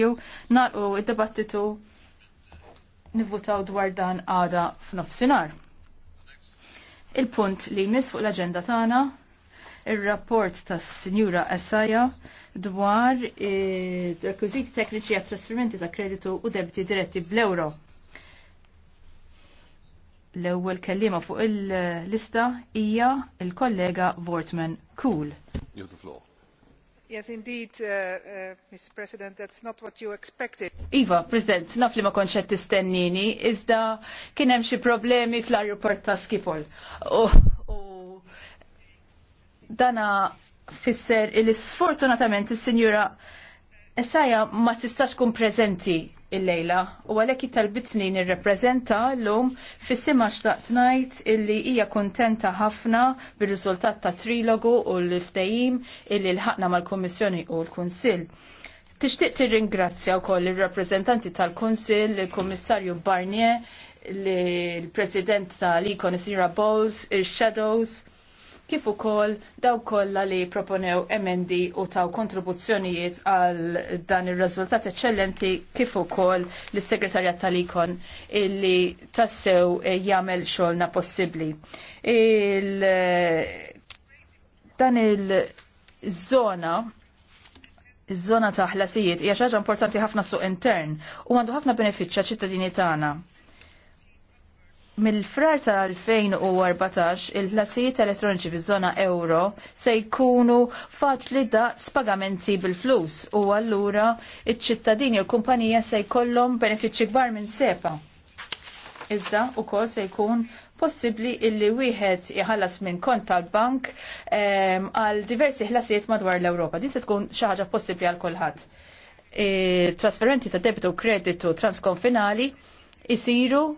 jew narqu id-dibattitu nivvutaw dwar dan għada f'nofsinhar. Il-punt li jmiss fuq l-aġenda tagħna ir-rapport tas Sinjura Essaja dwar rekwiżiti tekniċi għat trasferimenti ta' kreditu u debiti diretti bl-euro. L-ewwel kellima fuq il-lista hija il-kollega Vortman Kuhl. floor. Yes, indeed, uh, uh, Mr. President, that's not what you expected. Iva, President, naf li ma konċ qed tistennini, iżda kien hemm xi problemi fl-ajruport ta' Skipol. U oh, oh, dana fisser il sfortunatament is-Sinjura Esaja ma tistax kun prezenti il-lejla u għalek jitalbitni nir-reprezenta l-lum fissima xtaqt najt illi hija kontenta ħafna bir-riżultat ta' trilogu u l-ftajim illi l-ħakna mal-Komissjoni u l-Kunsil. Tixtieq tirringrazzja wkoll ir-rappreżentanti tal kunsill il-Kummissarju Barnier, l-President tal-Ikon Sira Bowles, il-Shadows, kif ukoll daw kollha li proponew emendi u taw kontribuzzjonijiet għal dan ir-riżultat eċċellenti kif ukoll lis-Segretarjat tal-Ikon illi tassew eh, jagħmel xogħolna possibbli. Il eh, dan il-żona iż-żona ta' ħlasijiet hija xi ħaġa importanti ħafna suq intern u għandu ħafna benefiċċja ċittadini tagħna Mill-frar tal-2014 il-ħlasijiet elettroniċi fiż-żona euro se jkunu faċli daqs pagamenti bil-flus u allura iċ-ċittadini u l-kumpanija se jkollhom benefiċċji kbar minn sepa. Iżda wkoll se jkun possibbli illi wieħed jħallas minn kont tal-bank ehm, għal diversi ħlasijiet madwar l-Ewropa. Din se tkun xi ħaġa possibbli għal kulħadd. Trasferenti ta' debitu u kreditu transkonfinali isiru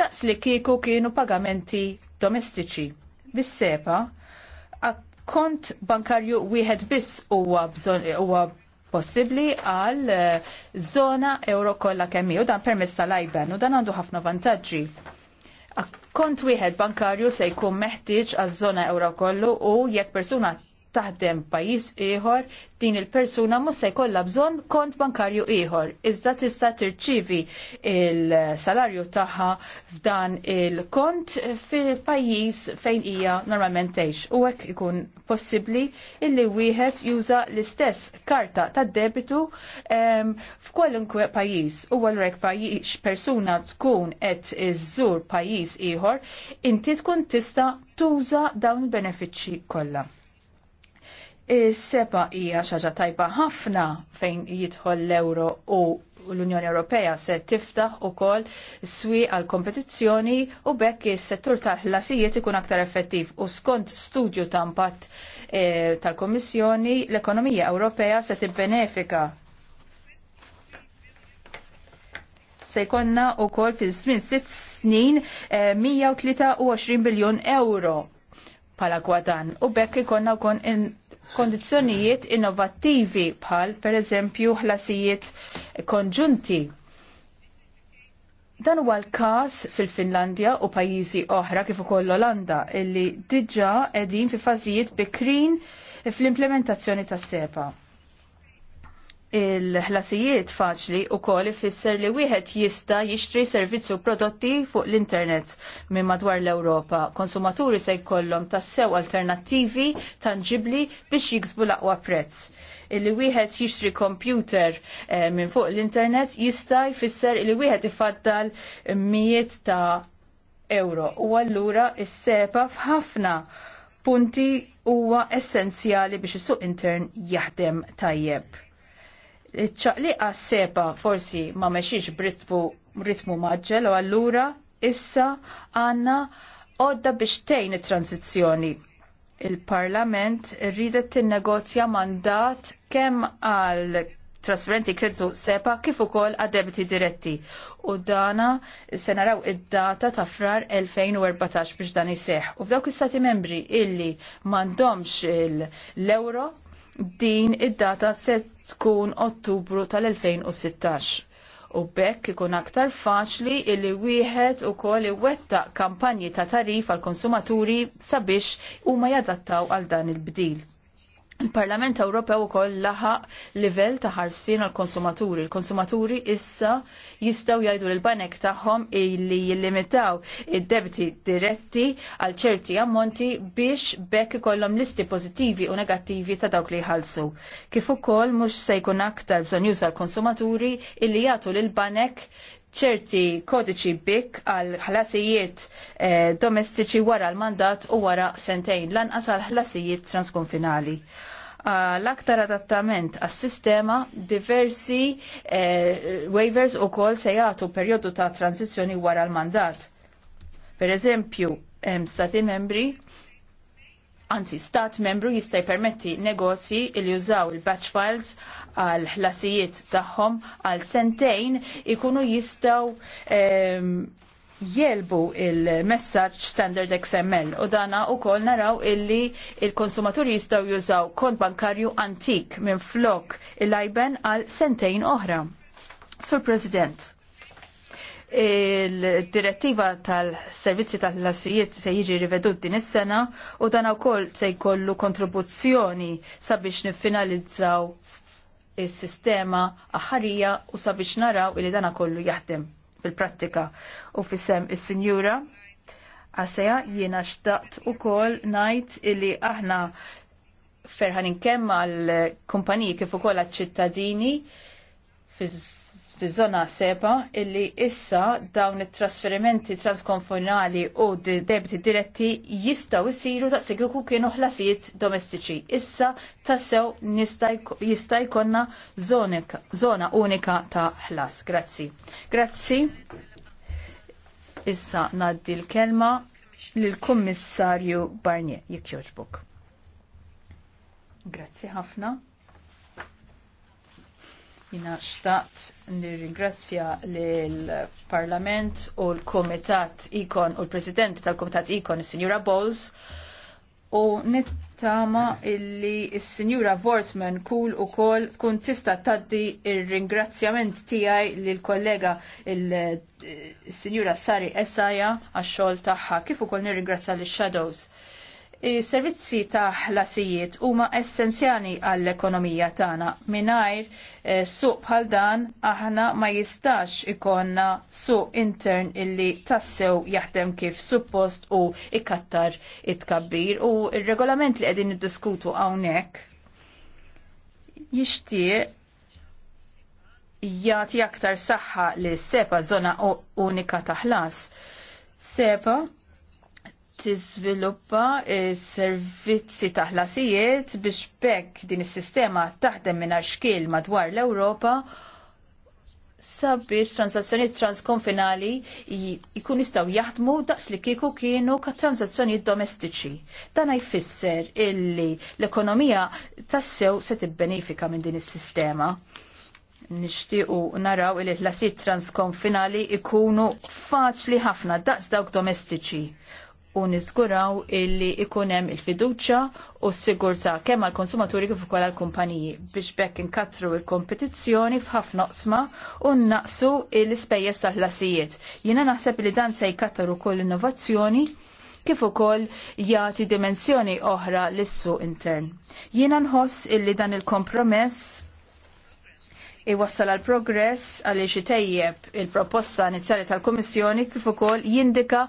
daqs li kieku kienu pagamenti domestiċi. bis kont bankarju wieħed biss huwa huwa possibbli għal eh, zona euro kollha kemm u dan permezz tal-IBAN u dan għandu ħafna vantaġġi. Kont wieħed bankarju se jkun meħtieġ għaż-żona euro kollu u jekk persuna taħdem pajis ieħor, din il-persuna mhux se jkollha bżonn kont bankarju ieħor. Iżda tista' tirċivi il-salarju tagħha f'dan il-kont fil-pajjiż fejn hija normalment teħx. U hekk ikun possibbli illi wieħed juża l-istess karta tad-debitu f'kwalunkwe pajjiż. U għalhekk pajis persuna tkun qed iżżur pajjiż ieħor, inti tkun tista' tuża dawn il-benefiċċji kollha. Is-sepa hija xaġa tajba ħafna fejn jidħol l-euro u l-Unjoni Ewropea se tiftaħ ukoll swi għal kompetizzjoni u bekk is-settur tal-ħlasijiet ikun aktar effettiv u skont studju ta' impatt e, tal-Kommissjoni l-ekonomija Ewropea se tibbenefika se jkonna u kol fi żmien sitt snin e, 123 biljon euro pala gwadan u bekk ikonna u kon kondizzjonijiet innovattivi bħal pereżempju ħlasijiet konġunti. Dan huwa l-każ fil-Finlandja u pajjiżi oħra kif ukoll l-Olanda illi diġà qegħdin fi fażijiet bikrin fl-implementazzjoni tas-sepa. Il-ħlasijiet faċli u koll ifisser li wieħed jista jixtri servizzi u prodotti fuq l-internet minn madwar l-Ewropa. Konsumaturi se jkollhom tassew alternattivi tangibli biex jiksbu l-aqwa prezz. Illi wieħed jixtri kompjuter eh, minn fuq l-internet jista jfisser li wieħed ifaddal mijiet ta' euro. U allura is-sepa f'ħafna punti huwa essenzjali biex is-suq intern jaħdem tajjeb ċaqliqa sepa forsi ma meċiċ britmu maġġel u allura issa għanna għodda biex tejn it-transizjoni. Il-Parlament rridet tinnegozja mandat kemm għal trasferenti kredzu sepa kif ukoll għad debiti diretti. U dana se naraw id-data ta' frar 2014 biex dan iseħ. U f'dawk is-stati membri illi m'għandhomx l-euro din id-data se tkun Ottubru tal-2016. U bekk ikun aktar faċli illi wieħed ukoll iwettaq kampanji ta' tarif għal konsumaturi sabiex huma jadattaw għal dan il-bdil. Il-Parlament Ewropew ukoll laħaq livell ta' ħarsien għall konsumaturi Il-konsumaturi issa jistgħu jgħidu l banek tagħhom illi jillimitaw id-debiti diretti għal ċerti ammonti biex bekk ikollhom listi pożittivi u negattivi ta' dawk li jħallsu. Kif ukoll mhux se jkun aktar bżonn juża l-konsumaturi illi jagħtu lil banek ċerti kodiċi bik għal ħlasijiet eh, domestiċi wara l-mandat u wara sentejn lanqas għal ħlasijiet transkonfinali l-aktar adattament għas sistema diversi eh, waivers u kol se jgħatu periodu ta' transizjoni wara l-mandat. Per eżempju, stati membri, anzi stat membru jista' permetti negozji il jużaw il-batch files għal ħlasijiet tagħhom għal sentejn ikunu jistaw ehm, jelbu il-messaċ standard XML u dana u kol naraw illi il-konsumaturi jistaw jużaw kont bankarju antik minn flok il-lajben għal sentejn oħra. Sur President, il-direttiva tal-servizzi tal-lasijiet se jiġi rivedut din is-sena u dan ukoll se jkollu kontribuzzjoni sabiex niffinalizzaw is-sistema aħarija u sabiex naraw li dana kollu jaħdem fil-prattika. U fissem is-sinjura Għasja jiena xtaqt u kol najt illi aħna ferħanin kemm l-kumpaniji kif ukoll għal-ċittadini fiż fi zona seba illi issa dawn it-trasferimenti transkonfinali u debiti diretti jistaw isiru ta' segwiku kienu ħlasijiet domestiċi. Issa tassew jista' jkollna zona unika ta' ħlas. Grazzi. Grazzi. Issa naddi l-kelma lill-Kummissarju Barnier jekk jogħġbok. Grazzi ħafna. Jina xtaqt nirringrazzja l-Parlament u l-Komitat Ikon u l-President tal-Komitat Ikon, il signora Bowles, u nittama illi il-Sinjura Vortman kull u kol tkun tista taddi il-ringrazzjament tijaj l-kollega il-Sinjura Sari Esaja għax taħħa, kif u kol nirringrazzja l-Shadows Servizzi ta' ħlasijiet huma essenzjali għall-ekonomija tagħna. Mingħajr eh, suq bħal dan aħna ma jistax ikonna suq intern illi tassew jaħdem kif suppost u ikattar it-kabbir u ir-regolament li qegħdin niddiskutu hawnhekk jixtieq jagħti aktar saħħa li sepa żona unika ta' ħlas. Sepa tiżviluppa servizzi ta' ħlasijiet biex bekk din is-sistema taħdem mingħajr xkil madwar l-Ewropa sabiex transazzjonijiet transkonfinali jkun jistgħu jaħdmu daqs li kieku kienu ka' transazzjonijiet domestiċi. Dan jfisser illi l-ekonomija tassew se tibbenefika minn din is-sistema nixtiequ naraw il ħlasijiet transkonfinali ikunu faċli ħafna daqs dawk domestiċi u niżguraw illi ikun hemm il-fiduċja u s-sigurtà kemm għall konsumaturi kif ukoll għall kumpaniji biex bekk inkatru l-kompetizzjoni f'ħafna oqsma u naqsu l-ispejjeż tal-ħlasijiet. Jiena naħseb li dan se jkattar ukoll innovazzjoni kif ukoll jagħti dimensjoni oħra lis-suq intern. Jiena nħoss illi dan il-kompromess iwassal għal progress għaliex itejjeb il-proposta inizjali tal-Kummissjoni kif ukoll jindika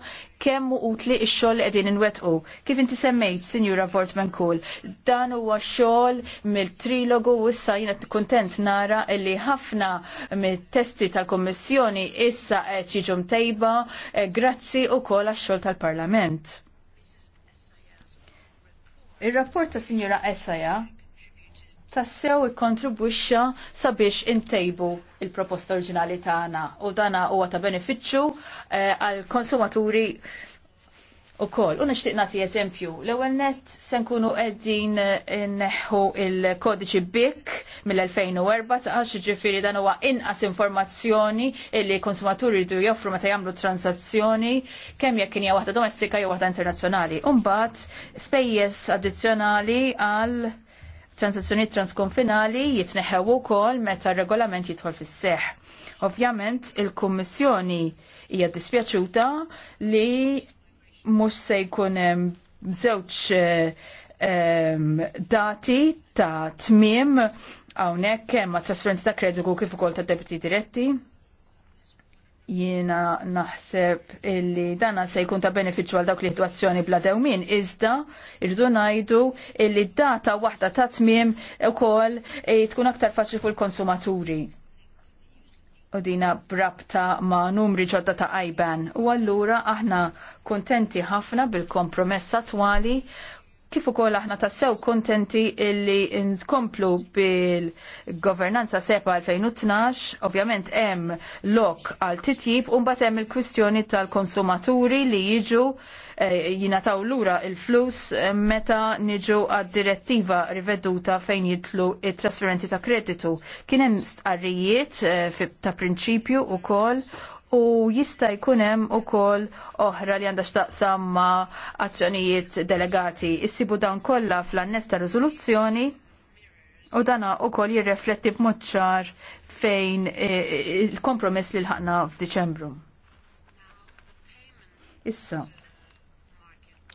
kemm utli x-xogħol li qegħdin inwettqu. Kif inti semmejt, Sinjura Fortman Kull, dan huwa xogħol mill-trilogu u issa jiena kuntent nara li ħafna mit-testi tal-Kummissjoni issa qed jiġu mtejba eh, grazzi wkoll għax-xogħol tal-Parlament. Ir-rapport ta' Sinjura Essaja tassew ikkontribwixxa sabiex intejbu il-proposta oriġinali tagħna u dana huwa ta' benefiċċju eh, għall konsumaturi ukoll. U nixtieq nagħti eżempju. L-ewwel net se nkunu qegħdin neħħu il-kodiċi BIC mill-2014 ġifieri dan huwa inqas informazzjoni li konsumaturi jridu joffru meta jagħmlu transazzjoni kemm jekk hija waħda domestika jew waħda internazzjonali. U spejjeż addizzjonali għal transazzjoni transkonfinali jitneħew ukoll meta r-regolament jidħol fis seħħ Ovvjament il-Kummissjoni hija dispjaċuta li mhux se jkun hemm żewġ ehm, dati ta' tmiem hawnhekk kemm ma' trasferenza ta' kreditu kif ukoll ta' debiti diretti jiena naħseb illi dana se jkun ta' beneficju għal dawk li situazzjoni bla dewmin, iżda irdu ngħidu illi data waħda ta' tmiem ukoll e tkun aktar faċli fuq il-konsumaturi. U dina brabta ma' numri ġodda ta' IBAN. U allura aħna kontenti ħafna bil-kompromess attwali kif ukoll aħna tassew kontenti illi nkomplu bil-governanza sepa 2012, ovvjament hemm lok għal titjib u mbagħad hemm il-kwistjoni tal-konsumaturi li jiġu eh, jingħataw lura il-flus meta niġu għad-direttiva riveduta fejn jitlu il trasferenti ta' kreditu. Kien hemm stqarrijiet eh, ta' prinċipju kol u jista' jkun hemm ukoll oħra li għandha x'taqsam ma' azzjonijiet delegati. Issibu dawn kollha fl-annes ta' riżoluzzjoni u dana ukoll jirrefletti b'mod ċar fejn e, e, il-kompromess li l-ħakna f'Diċembru. Issa,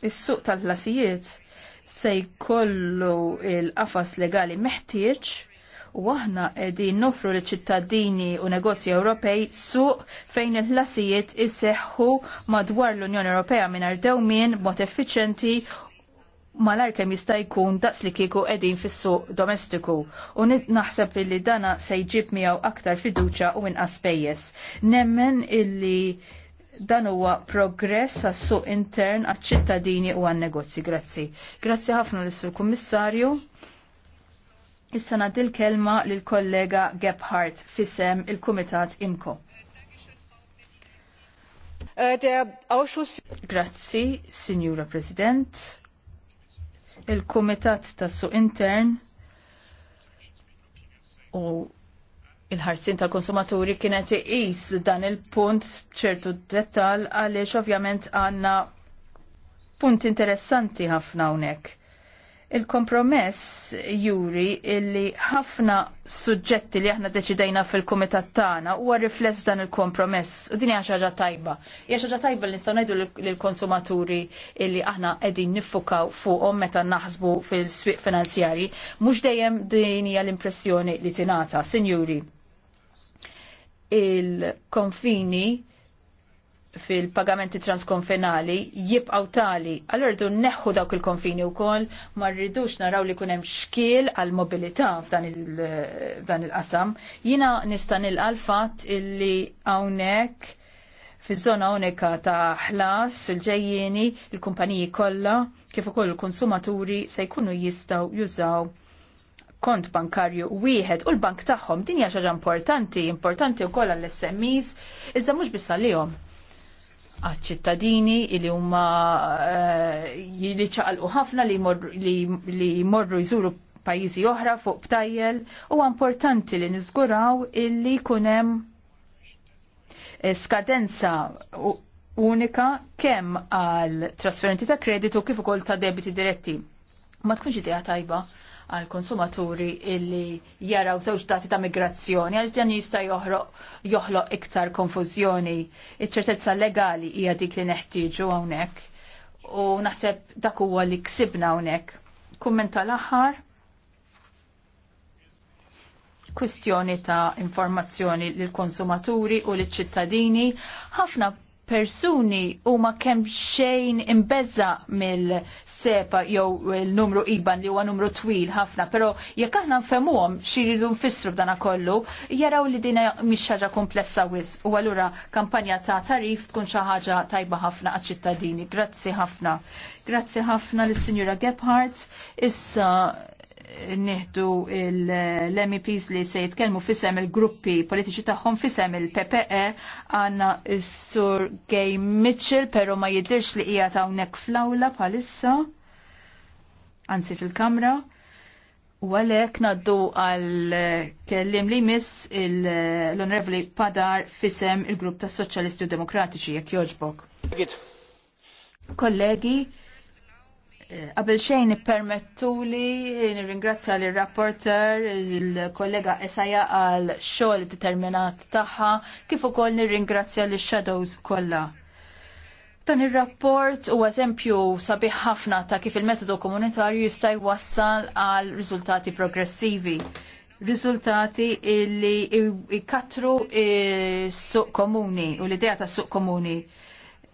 is-suq tal-ħlasijiet se jkollu il-qafas legali meħtieġ u aħna qegħdin nofru li ċittadini u negozji Ewropej suq fejn il-ħlasijiet isseħħu madwar l-Unjoni Ewropea mingħajr dewmien mod effiċenti malar kem jista' jkun daqs li kieku qegħdin fis-suq domestiku u naħseb li dana se jġib miegħu aktar fiduċja u inqas pejjeż. Nemmen illi dan huwa progress għas suq intern għaċ ċittadini u għan negozji. Grazzi. Grazzi ħafna lis sur Kummissarju. Issa nad il-kelma lill-kollega Gebhardt fissem il-Kumitat Imko. Äh, Grazzi, Signora President. Il-Kumitat tas Su Intern u il-ħarsin tal-konsumaturi kienet iqis dan il-punt ċertu dettal għaliex ovvjament għanna punt interessanti ħafna hawnhekk. Il-kompromess juri illi ħafna suġġetti li aħna deċidejna fil-kumitat tagħna huwa rifless dan il-kompromess u din hija xi ħaġa tajba. Hija xi ħaġa tajba li nistgħu ngħidu lill-konsumaturi illi aħna qegħdin niffukaw fuqhom meta naħsbu fil-swieq finanzjarji, mhux dejjem din hija l-impressjoni li tingħata, sinjuri. Il-konfini fil-pagamenti transkonfinali jibqaw tali. Allora rridu neħħu dawk il-konfini wkoll ma rridux naraw li kunem xkiel għal mobilità f'dan il-qasam. Jina nista' nilqa' l-fatt illi hawnhekk fiż-żona unika ta' ħlas fil-ġejjieni il-kumpaniji kollha kif ukoll il-konsumaturi se jkunu jistgħu jużaw kont bankarju wieħed u l-bank tagħhom din hija xaġa importanti, importanti wkoll għall-SMEs, iżda mhux biss għalihom għad-ċittadini li huma eh, li ċaqalqu ħafna li jmorru jżuru pajjiżi oħra fuq btajjel u importanti li niżguraw illi kunem eh, skadenza unika kemm għal trasferenti ta' kreditu kif ukoll ta' debiti diretti. Ma tkunx idea tajba għal konsumaturi illi jaraw żewġ dati ta' migrazzjoni għal dan jista' joħloq iktar konfużjoni. Iċ-ċertezza legali hija dik li neħtieġu hawnhekk u naħseb dak huwa li ksibna hawnhekk. Kumment tal-aħħar kwistjoni ta' informazzjoni lill konsumaturi u liċ ċittadini ħafna persuni huma kemm xejn imbeżza mill-sepa jew il-numru iban li huwa numru twil ħafna, però jekk aħna nfemuhom xi jridu nfissru b'dana kollu, jaraw li din mhix ħaġa komplessa wis u allura kampanja ta' tarif tkun xi ħaġa tajba ħafna għaċ-ċittadini. Grazzi ħafna. Grazzi ħafna lis sinjura Gebhardt. Issa nieħdu l-MEPs li se jitkellmu fisem il-gruppi politiċi tagħhom fisem il-PPE għandna s-sur Gay Mitchell però ma jidhirx li hija hawnhekk fl-awla bħalissa anzi fil-kamra u għalhekk ngħaddu għal kellim li miss l onrevoli Padar fisem il-grupp tas-Soċjalisti u Demokratiċi jekk jogħġbok. Kollegi, Qabel xejn permettu li nirringrazzja l rapporter il-kollega Esaja għal xogħol determinat tagħha kif ukoll nirringrazzja l shadows kollha. Dan ir-rapport u eżempju sabiħ ħafna ta' kif il-metodu komunitarju jista' jwassal għal riżultati progressivi. Riżultati li jkatru suq komuni u l-idea ta' suq komuni.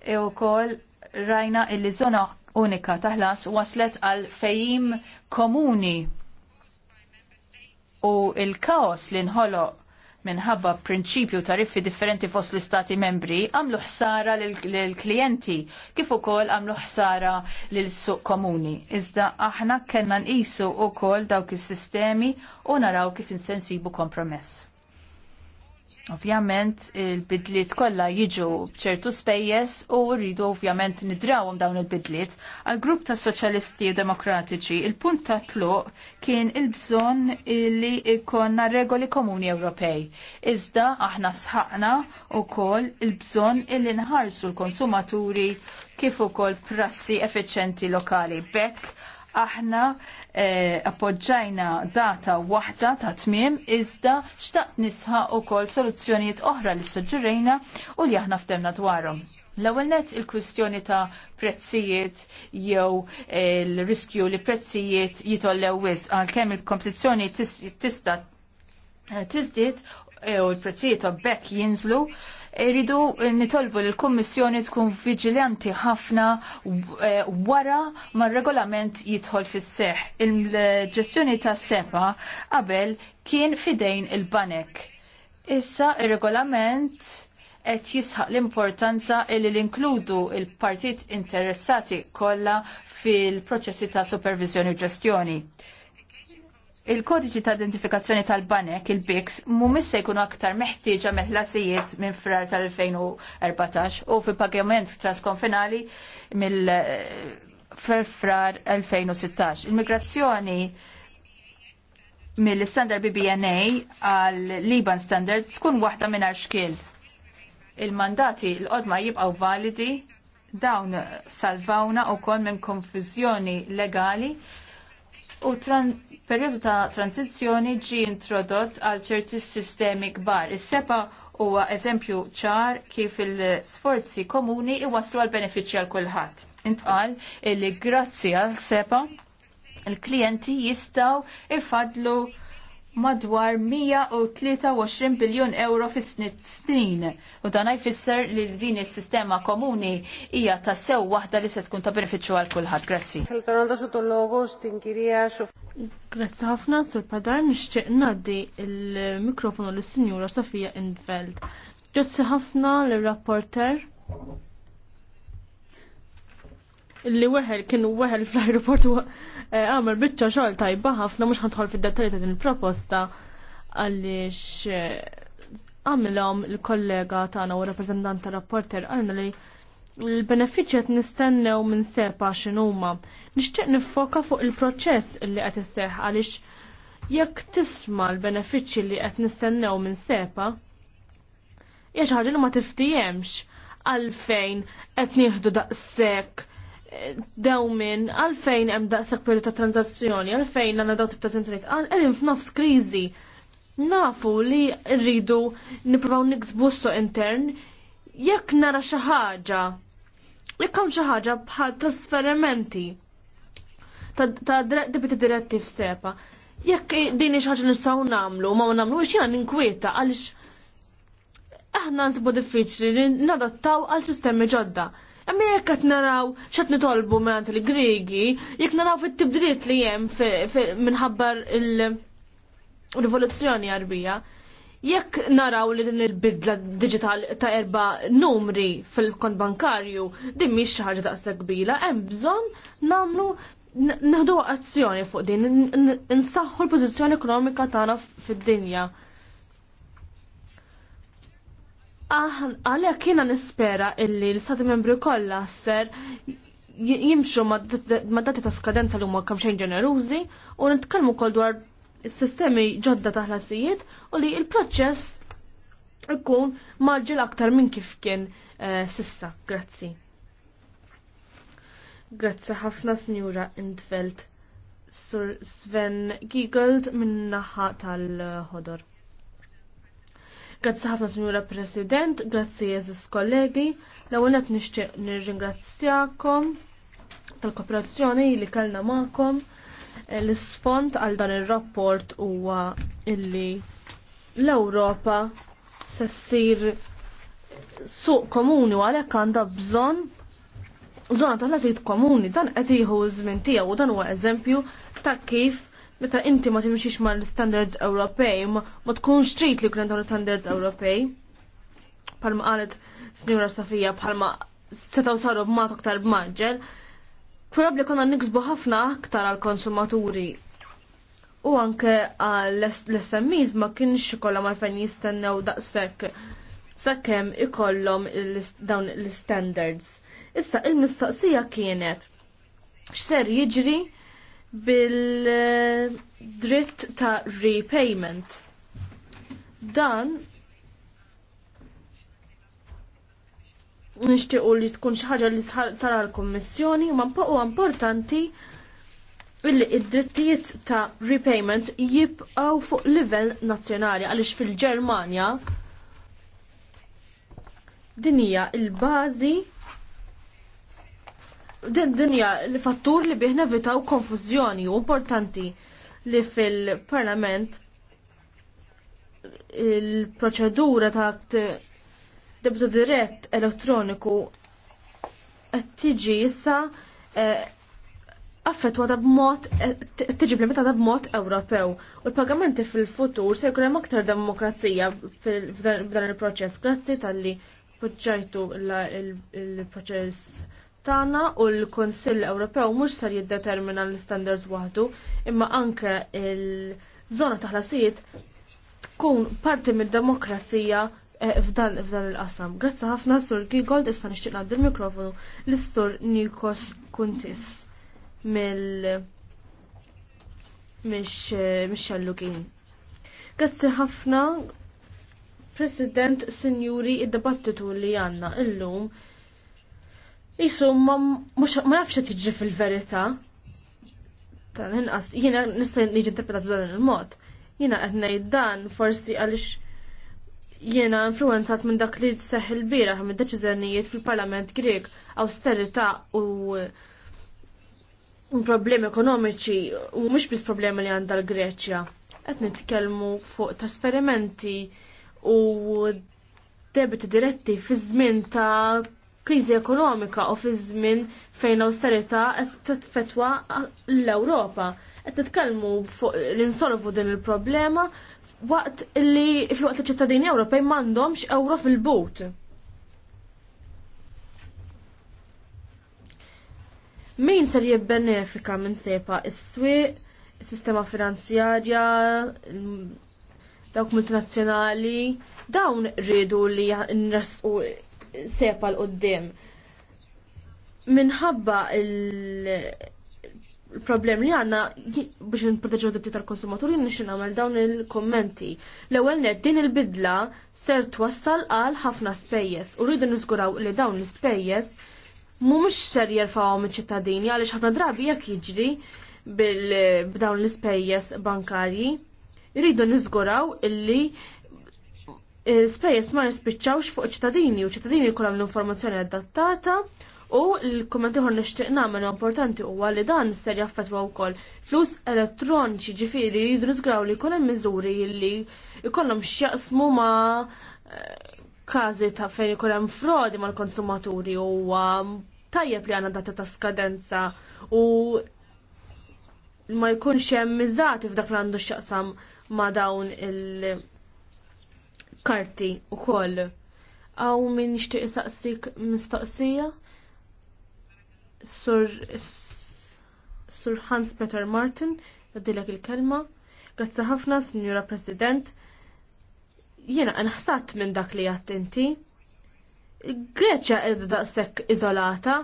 E wkoll rajna illi zona unika taħlas waslet għal fejim komuni u il-kaos li nħoloq minħabba prinċipju tariffi differenti fost l-istati membri għamlu ħsara l-klienti kif ukoll għamlu ħsara l-suq komuni. Iżda aħna kellna nqisu ukoll dawk is-sistemi u naraw kif insensibu kompromess. Ovvjament il-bidliet kollha jiġu bċertu spejjeż u rridu ovvjament nidrawhom dawn il-bidliet. Għal grupp ta' Soċjalisti u Demokratiċi il-punt ta' tluq kien il-bżonn li jkollna regoli komuni Ewropej. Iżda aħna sħaqna wkoll il-bżonn illi nħarsu l-konsumaturi kif ukoll prassi effiċenti lokali. Bekk aħna eh, appoġġajna data waħda ta' tmiem iżda xtaqt nisħaq ukoll soluzzjonijiet oħra li soġġurejna u li aħna ftemna dwarhom. L-ewwel net il-kwistjoni ta' prezzijiet jew il-riskju li prezzijiet jitollew wisq għalkemm il-kompetizzjoni tista' eh, tiżdied u l-prezzijiet bekk jinżlu Irridu nitolbu l kummissjoni tkun viġilanti ħafna eh, wara ma regolament jidħol fis seħ Il-ġestjoni ta' sepa qabel kien fidejn il-banek. Issa il-regolament qed jisħaq l-importanza li l-inkludu il-partit interessati kollha fil-proċessi ta' supervizjoni u ġestjoni. Il-kodiċi ta' identifikazzjoni tal-banek, il-BIX, mummis se jkunu aktar meħtieġa meħlasijiet minn frar tal-2014 u fi pagament trasconfinali mill eh, frar 2016. Il-migrazzjoni mill-standard BBNA għal Liban standard tkun waħda minn arxkil. Il-mandati l-qodma jibqaw validi dawn salvawna u kol minn konfizjoni legali u tran perjodu ta' transizzjoni ġie introdott għal ċerti sistemi kbar. Is-sepa huwa eżempju ċar kif il-sforzi komuni iwaslu għal benefiċċji għal kulħadd. Intqal li grazzi għal sepa il-klijenti jistaw ifadlu madwar 123 biljun euro fis snin u dan jfisser li din is-sistema komuni hija ta' sew waħda li se tkun ta' benefiċċju għal kulħadd. Grazzi. Grazzi ħafna sur Padar nixtieq ngħaddi il-mikrofonu lis sinjura Sofija Infeld. Grazzi ħafna lir-rapporter Illi weħel kienu weħel fl-aeroport għamil bitċa xogħol tajba ħafna mhux ħadħol fid dettali ta' din il-proposta għaliex eh, għamilhom il-kollega tagħna u rappreżentant rapporter għalna li l-benefiċċji qed nistennew minn sepa x'inhuma. Nixtieq niffoka fuq il-proċess li qed isseħħ għaliex jekk tisma' l-benefiċċji li qed nistennew minn sepa, hija li ma tiftijemx għalfejn qed nieħdu daqshekk dew minn għalfejn hemm daqshekk periodu ta' tranzazzjoni, għalfejn għandna daw tip ta' tranzazzjoni, qegħdin f'nofs kriżi. Nafu li rridu nippruvaw niksbu so intern jekk nara xi ħaġa. Jekk hemm xi ħaġa bħal trasferimenti ta' debiti diretti f'sepa. Jekk din xi ħaġa nistgħu nagħmlu, ma ma nagħmlux jiena ninkwieta għaliex aħna nsibu diffiċli li nadattaw għal sistemi ġodda. Imma jekk qed naraw x'qed nitolbu mingħand il-Griegi, jekk naraw fit-tibdiliet li hemm minħabba l-rivoluzzjoni Arbija, jekk naraw li din il-bidla digital ta' erba numri fil-kont bankarju, din mhix xi ħaġa daqsa kbira, hemm bżonn nagħmlu naħdu azzjoni fuq din, nsaħħu l-pożizzjoni ekonomika tagħna fid-dinja. Għalja kiena nispera illi l-stati membri kollha ser jimxu ma' dati ta' skadenza l-umma kamxejn ġenerużi u nitkellmu kol dwar sistemi ġodda ta' ħlasijiet u li il-proċess ikun marġil aktar minn kif kien eh, sissa. Grazzi. Grazzi ħafna Snjura intfelt Sur Sven Giegold minnaħa tal-ħodor. Grazzi ħafna signora President, grazzi jeżis kollegi, l-ewwel qed nixtieq nirringrazzjakom tal-kooperazzjoni li kellna magħkom. Eh, l-isfond għal dan ir-rapport huwa illi l-Ewropa se ssir suq komuni u għalhekk għandha bżonn żona tal-għażiet komuni dan qed jieħu żmien tiegħu u dan huwa eżempju ta' kif meta inti ma timxiex ma l-standards Ewropej, ma tkunx trid li kunet l-standards Ewropej. Palma qalet Sinjura Safija palma setaw saru b'mat aktar b'maġġel, probabli konna niksbu ħafna aktar għal konsumaturi u anke l-SMEs ma kienx kollha marfejn jistennew daqshekk sakemm ikollhom dawn l-standards. Issa il-mistoqsija kienet x'ser jiġri bil-dritt ta' repayment. Dan nixtiequ li tkun xi ħaġa li tara l-Kummissjoni ma huwa importanti illi id-drittijiet ta' repayment jibqgħu fuq livell nazzjonali għaliex fil-Ġermanja din hija l bażi din dinja li fattur li bih nevitaw konfużjoni u importanti li fil-parlament il-proċedura ta' debito dirett elettroniku qed tiġi issa eh, affettwata b'mod eh, tiġi implementata b'mod Ewropew u l-pagamenti fil-futur se jkun hemm aktar demokrazija f'dan il-proċess grazzi tal-li poġġajtu il-proċess tagħna u l-Konsill Ewropew mhux sar jiddetermina l-standards waħdu, imma anke l-żona ta' ħlasijiet tkun parti mid-demokrazija eh, f'dan il-qasam. Grazzi ħafna Sur Gigold issa nixtieq ngħaddi l-mikrofonu l-Sur Nikos Kuntis mill mix xallugin. Grazzi ħafna President Sinjuri id-dibattitu li għanna illum Isu, ma nafx qed jiġri fil-verità. Tal-inqas, jiena nista' niġi interpretat b'dan il-mod. Jiena qed ngħid dan forsi għaliex jiena influenzat minn dak li seħ il-bieraħ minn deċiżjonijiet fil-Parlament Grek, austerità u problemi ekonomiċi u mhux biss problemi li għandha l-Greċja. Qed nitkellmu fuq trasferimenti u debiti diretti fi żmien ta' kriżi ekonomika u fi żmien fejn l-austerità qed titfetwa l-Ewropa. Qed titkellmu fuq l-insolvu din il-problema waqt li fil-waqt li ċittadini Ewropej m'għandhomx euro fil-but. Min ser jibbenefika minn sepa is-swieq, is-sistema finanzjarja, dawk multinazzjonali, dawn rridu li nresqu sepa l-qoddim. Minħabba il-problem li għanna biex n-proteġu d tal-konsumaturi nixin għamel dawn il-kommenti. L-ewel net din il-bidla ser twassal għal ħafna spejjes u rridu nizguraw li dawn l-spejjes mumiex ser jerfawhom iċ-ċittadini għaliex ħafna drabi jekk jiġri b'dawn l-ispejjeż bankarji. Irridu niżguraw illi il-spejjeż ma nispiċċawx fuq ċittadini u ċittadini jkollhom l-informazzjoni adattata u l-kumment ieħor nixtieq nagħmel importanti huwa li dan ser jaffettwa wkoll flus elettroniċi ġifieri jridu niżgraw li jkun hemm miżuri li jkollhom x'jaqsmu ma' eh, każi ta' fejn ikun hemm frodi mal-konsumaturi u tajjeb li għandna data ta' skadenza u ma jkunx hemm miżati f'dak l għandu x'jaqsam ma' dawn il- karti u koll. Għaw minn ixtiq saqsik mistoqsija? Sur, sur Hans Peter Martin, għaddilek il-kelma. Grazzi ħafna, Signora President. Jena nħsat minn dak li għattinti. Greċja edda daqsek izolata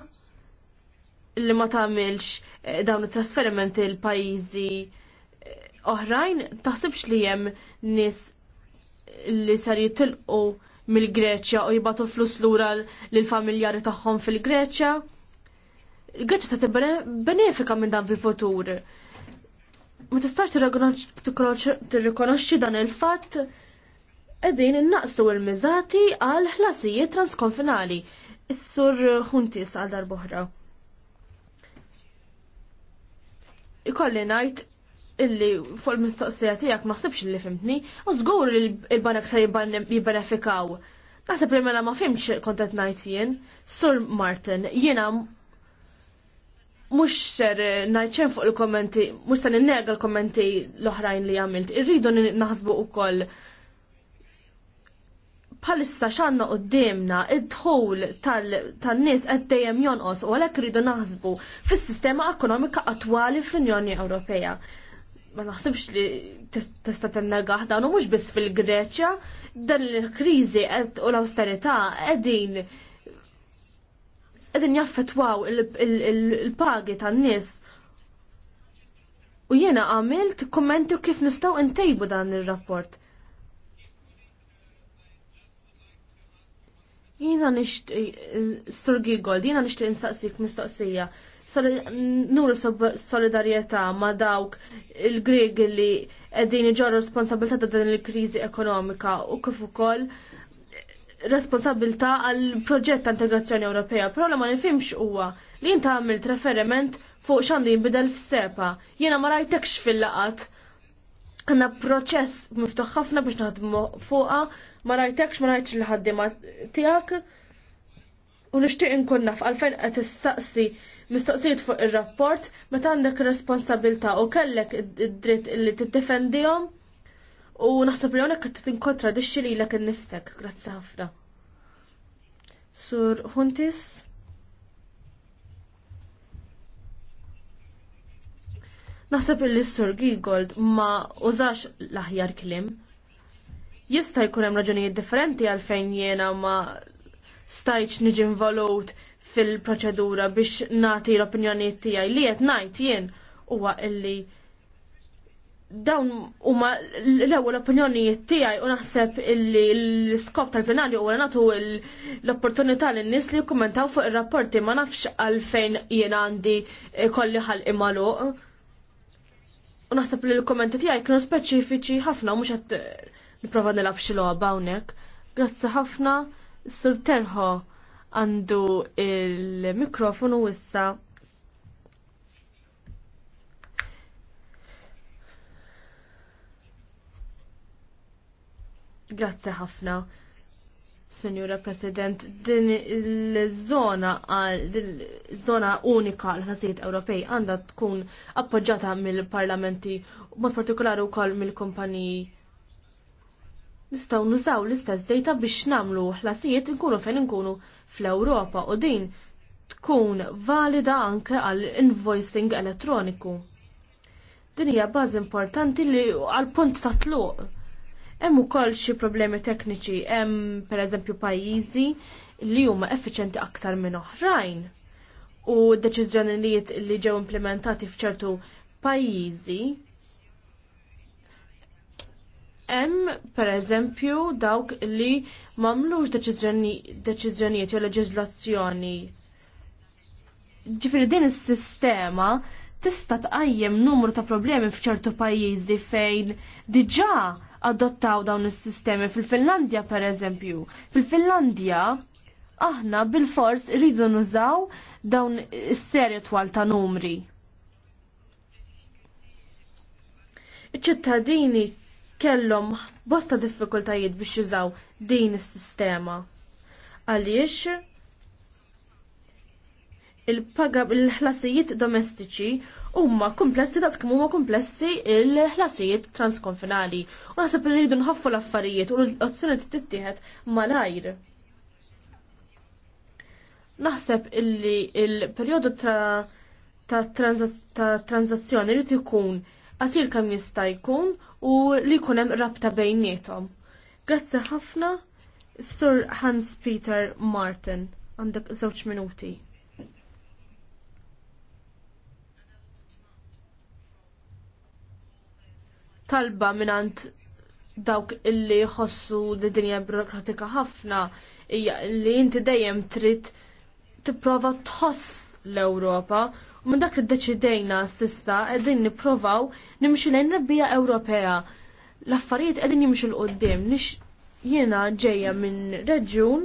li ma tagħmilx eh, dawn it-trasferimenti l-pajjiżi eh, oħrajn, taħsibx li hemm nies li sar jitilqu mill-Greċja u jibatu flus lura lill-familjari tagħhom fil-Greċja. Il-Greċja se benefika minn dan fil-futur. Ma tistax tirrikonoxxi dan il-fatt qegħdin innaqsu l-miżati għal ħlasijiet transkonfinali. Is-sur Huntis għal oħra. Ikolli ngħid illi fuq il-mistoqsija tiegħek ma ħsibx li fimtni, u żgur li l-banek se jibbenefikaw. Naħseb li mela ma fimx kontet ngħid jien, Sur Martin, jiena mhux ser eh, ngħid fuq il-kommenti, mhux se ninnega l-kommenti l-oħrajn li għamilt. Irridu naħsbu wkoll bħalissa xanna qoddimna id-dħul tal-nis qed dejjem jonqos u għalhekk rridu naħsbu fis-sistema ekonomika attwali fl-Unjoni Ewropea ma naħsibx li tista' tennegaħ dan u mhux biss fil-Greċja, dan il-kriżi u l-awsterità qegħdin qegħdin jaffetwaw il-pagi tan-nies. U jiena għamilt kommenti kif nistgħu ntejbu dan ir-rapport. Jiena nixtieq Sur Gigold, jiena nixtieq insaqsik mistoqsija nuru solidarjetà ma' dawk il-Grieg li qegħdin iġorru responsabilità ta' din il-kriżi ekonomika u kif ukoll responsabilità għal proġett ta' integrazzjoni Ewropea, però ma nifhimx huwa li jinta għamilt referiment fuq xandu jinbidel f-sepa. Jiena ma rajtekx fil-laqat. Għanna proċess miftuħ ħafna biex naħdmu fuqa, ma rajtekx ma rajtx il-ħaddima tiegħek. U nixtieq inkun naf għalfejn qed issaqsi mistoqsijiet fuq ir-rapport meta għandek responsabilta u kellek id-dritt li tiddefendihom u naħseb li hawnhekk qed tinkontradixxi lilek innifsek. Grazzi ħafna. Sur Huntis. Naħseb li s-sur Gigold ma użax l-aħjar klim. Jista' jkun hemm raġunijiet differenti għalfejn jiena ma stajċ niġi involut fil-proċedura biex nagħti l-opinjoni tiegħi li qed ngħid jien huwa illi dawn huma l-ewwel opinjonijiet tiegħi u naħseb illi l-iskop tal-plenarju huwa nagħtu l-opportunità lin nies li jikkummentaw fuq ir-rapporti ma nafx għalfejn jien għandi kolli ħalq maluq. U naħseb li l kummenti tiegħi kienu speċifiċi ħafna mhux qed nipprova nilab xi logħba hawnhekk. Grazzi ħafna, Sur Terħo għandu il-mikrofonu issa Grazzi ħafna, Signora President. Din il-żona unika l ħasijiet Ewropej għandha tkun appoġġata mill-parlamenti, mod partikolari wkoll mill-kumpaniji nistgħu nużaw l-istess data biex nagħmlu ħlasijiet nkunu fejn nkunu fl-Ewropa u din tkun valida anke għal invoicing elettroniku. Din hija bażi importanti li għal punt ta' tluq. Hemm ukoll xi problemi tekniċi, hemm pereżempju pajjiżi li huma effiċenti aktar minn oħrajn. U d deċiżjonijiet li ġew implementati f'ċertu pajjiżi Hemm pereżempju dawk li m'għamlux deċiżjonijiet jew leġiżlazzjoni. Ġifieri din is-sistema tista' tqajjem numru ta' problemi f'ċertu pajjiżi fejn diġà adottaw dawn is-sistemi fil-Finlandja pereżempju. Fil-Finlandja aħna bil-fors rridu nużaw dawn is-serje twal ta' numri. Iċ-ċittadini kellhom bosta diffikultajiet biex jużaw din is-sistema. Għaliex il-ħlasijiet il domestiċi huma komplessi daqs kemm huma komplessi il-ħlasijiet transkonfinali. U naħseb li rridu nħaffu l-affarijiet u l-azzjoni tittieħed malajr. Naħseb illi il-perjodu ta' ta' tranzazzjoni rrid ikun Għatil kam jista' jkun u li jkun hemm rabta bejnietom. Grazzi ħafna, Sir Hans Peter Martin, għandek żewġ minuti. Talba minant dawk illi jħossu d dinja burokratika ħafna, li inti dejjem trid tipprova tħoss l-Ewropa U minn dak id-deċidejna s'issa qegħdin nipprovaw nimxu lejn rebbija Ewropea. L-affarijiet qegħdin jimxu l qoddim nix jiena ġejja minn reġjun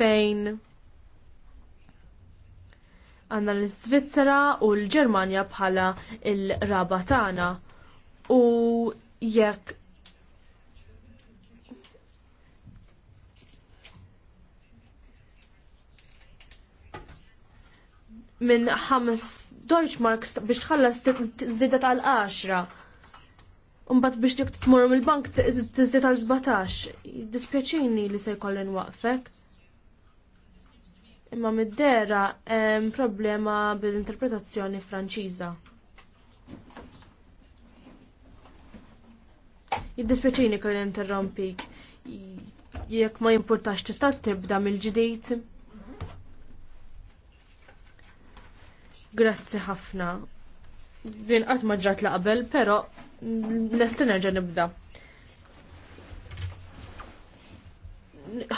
fejn għandna l-Svizzera u l-Ġermanja bħala il-raba tagħna. U jekk minn 5 Deutschmarks biex tħallas tiżdida tal-10. Umbat biex dik tmur mill-bank tiżdi tal-17. Dispjaċini li se jkollin waqfek. Imma mid-dera problema bil-interpretazzjoni franċiża. Jiddispjaċini kelli interrompik. Jekk ma jimpurtax tista' tibda mill-ġdid. Grazzi ħafna. Din qatt ma ġat laqbel, però lest nerġa' nibda.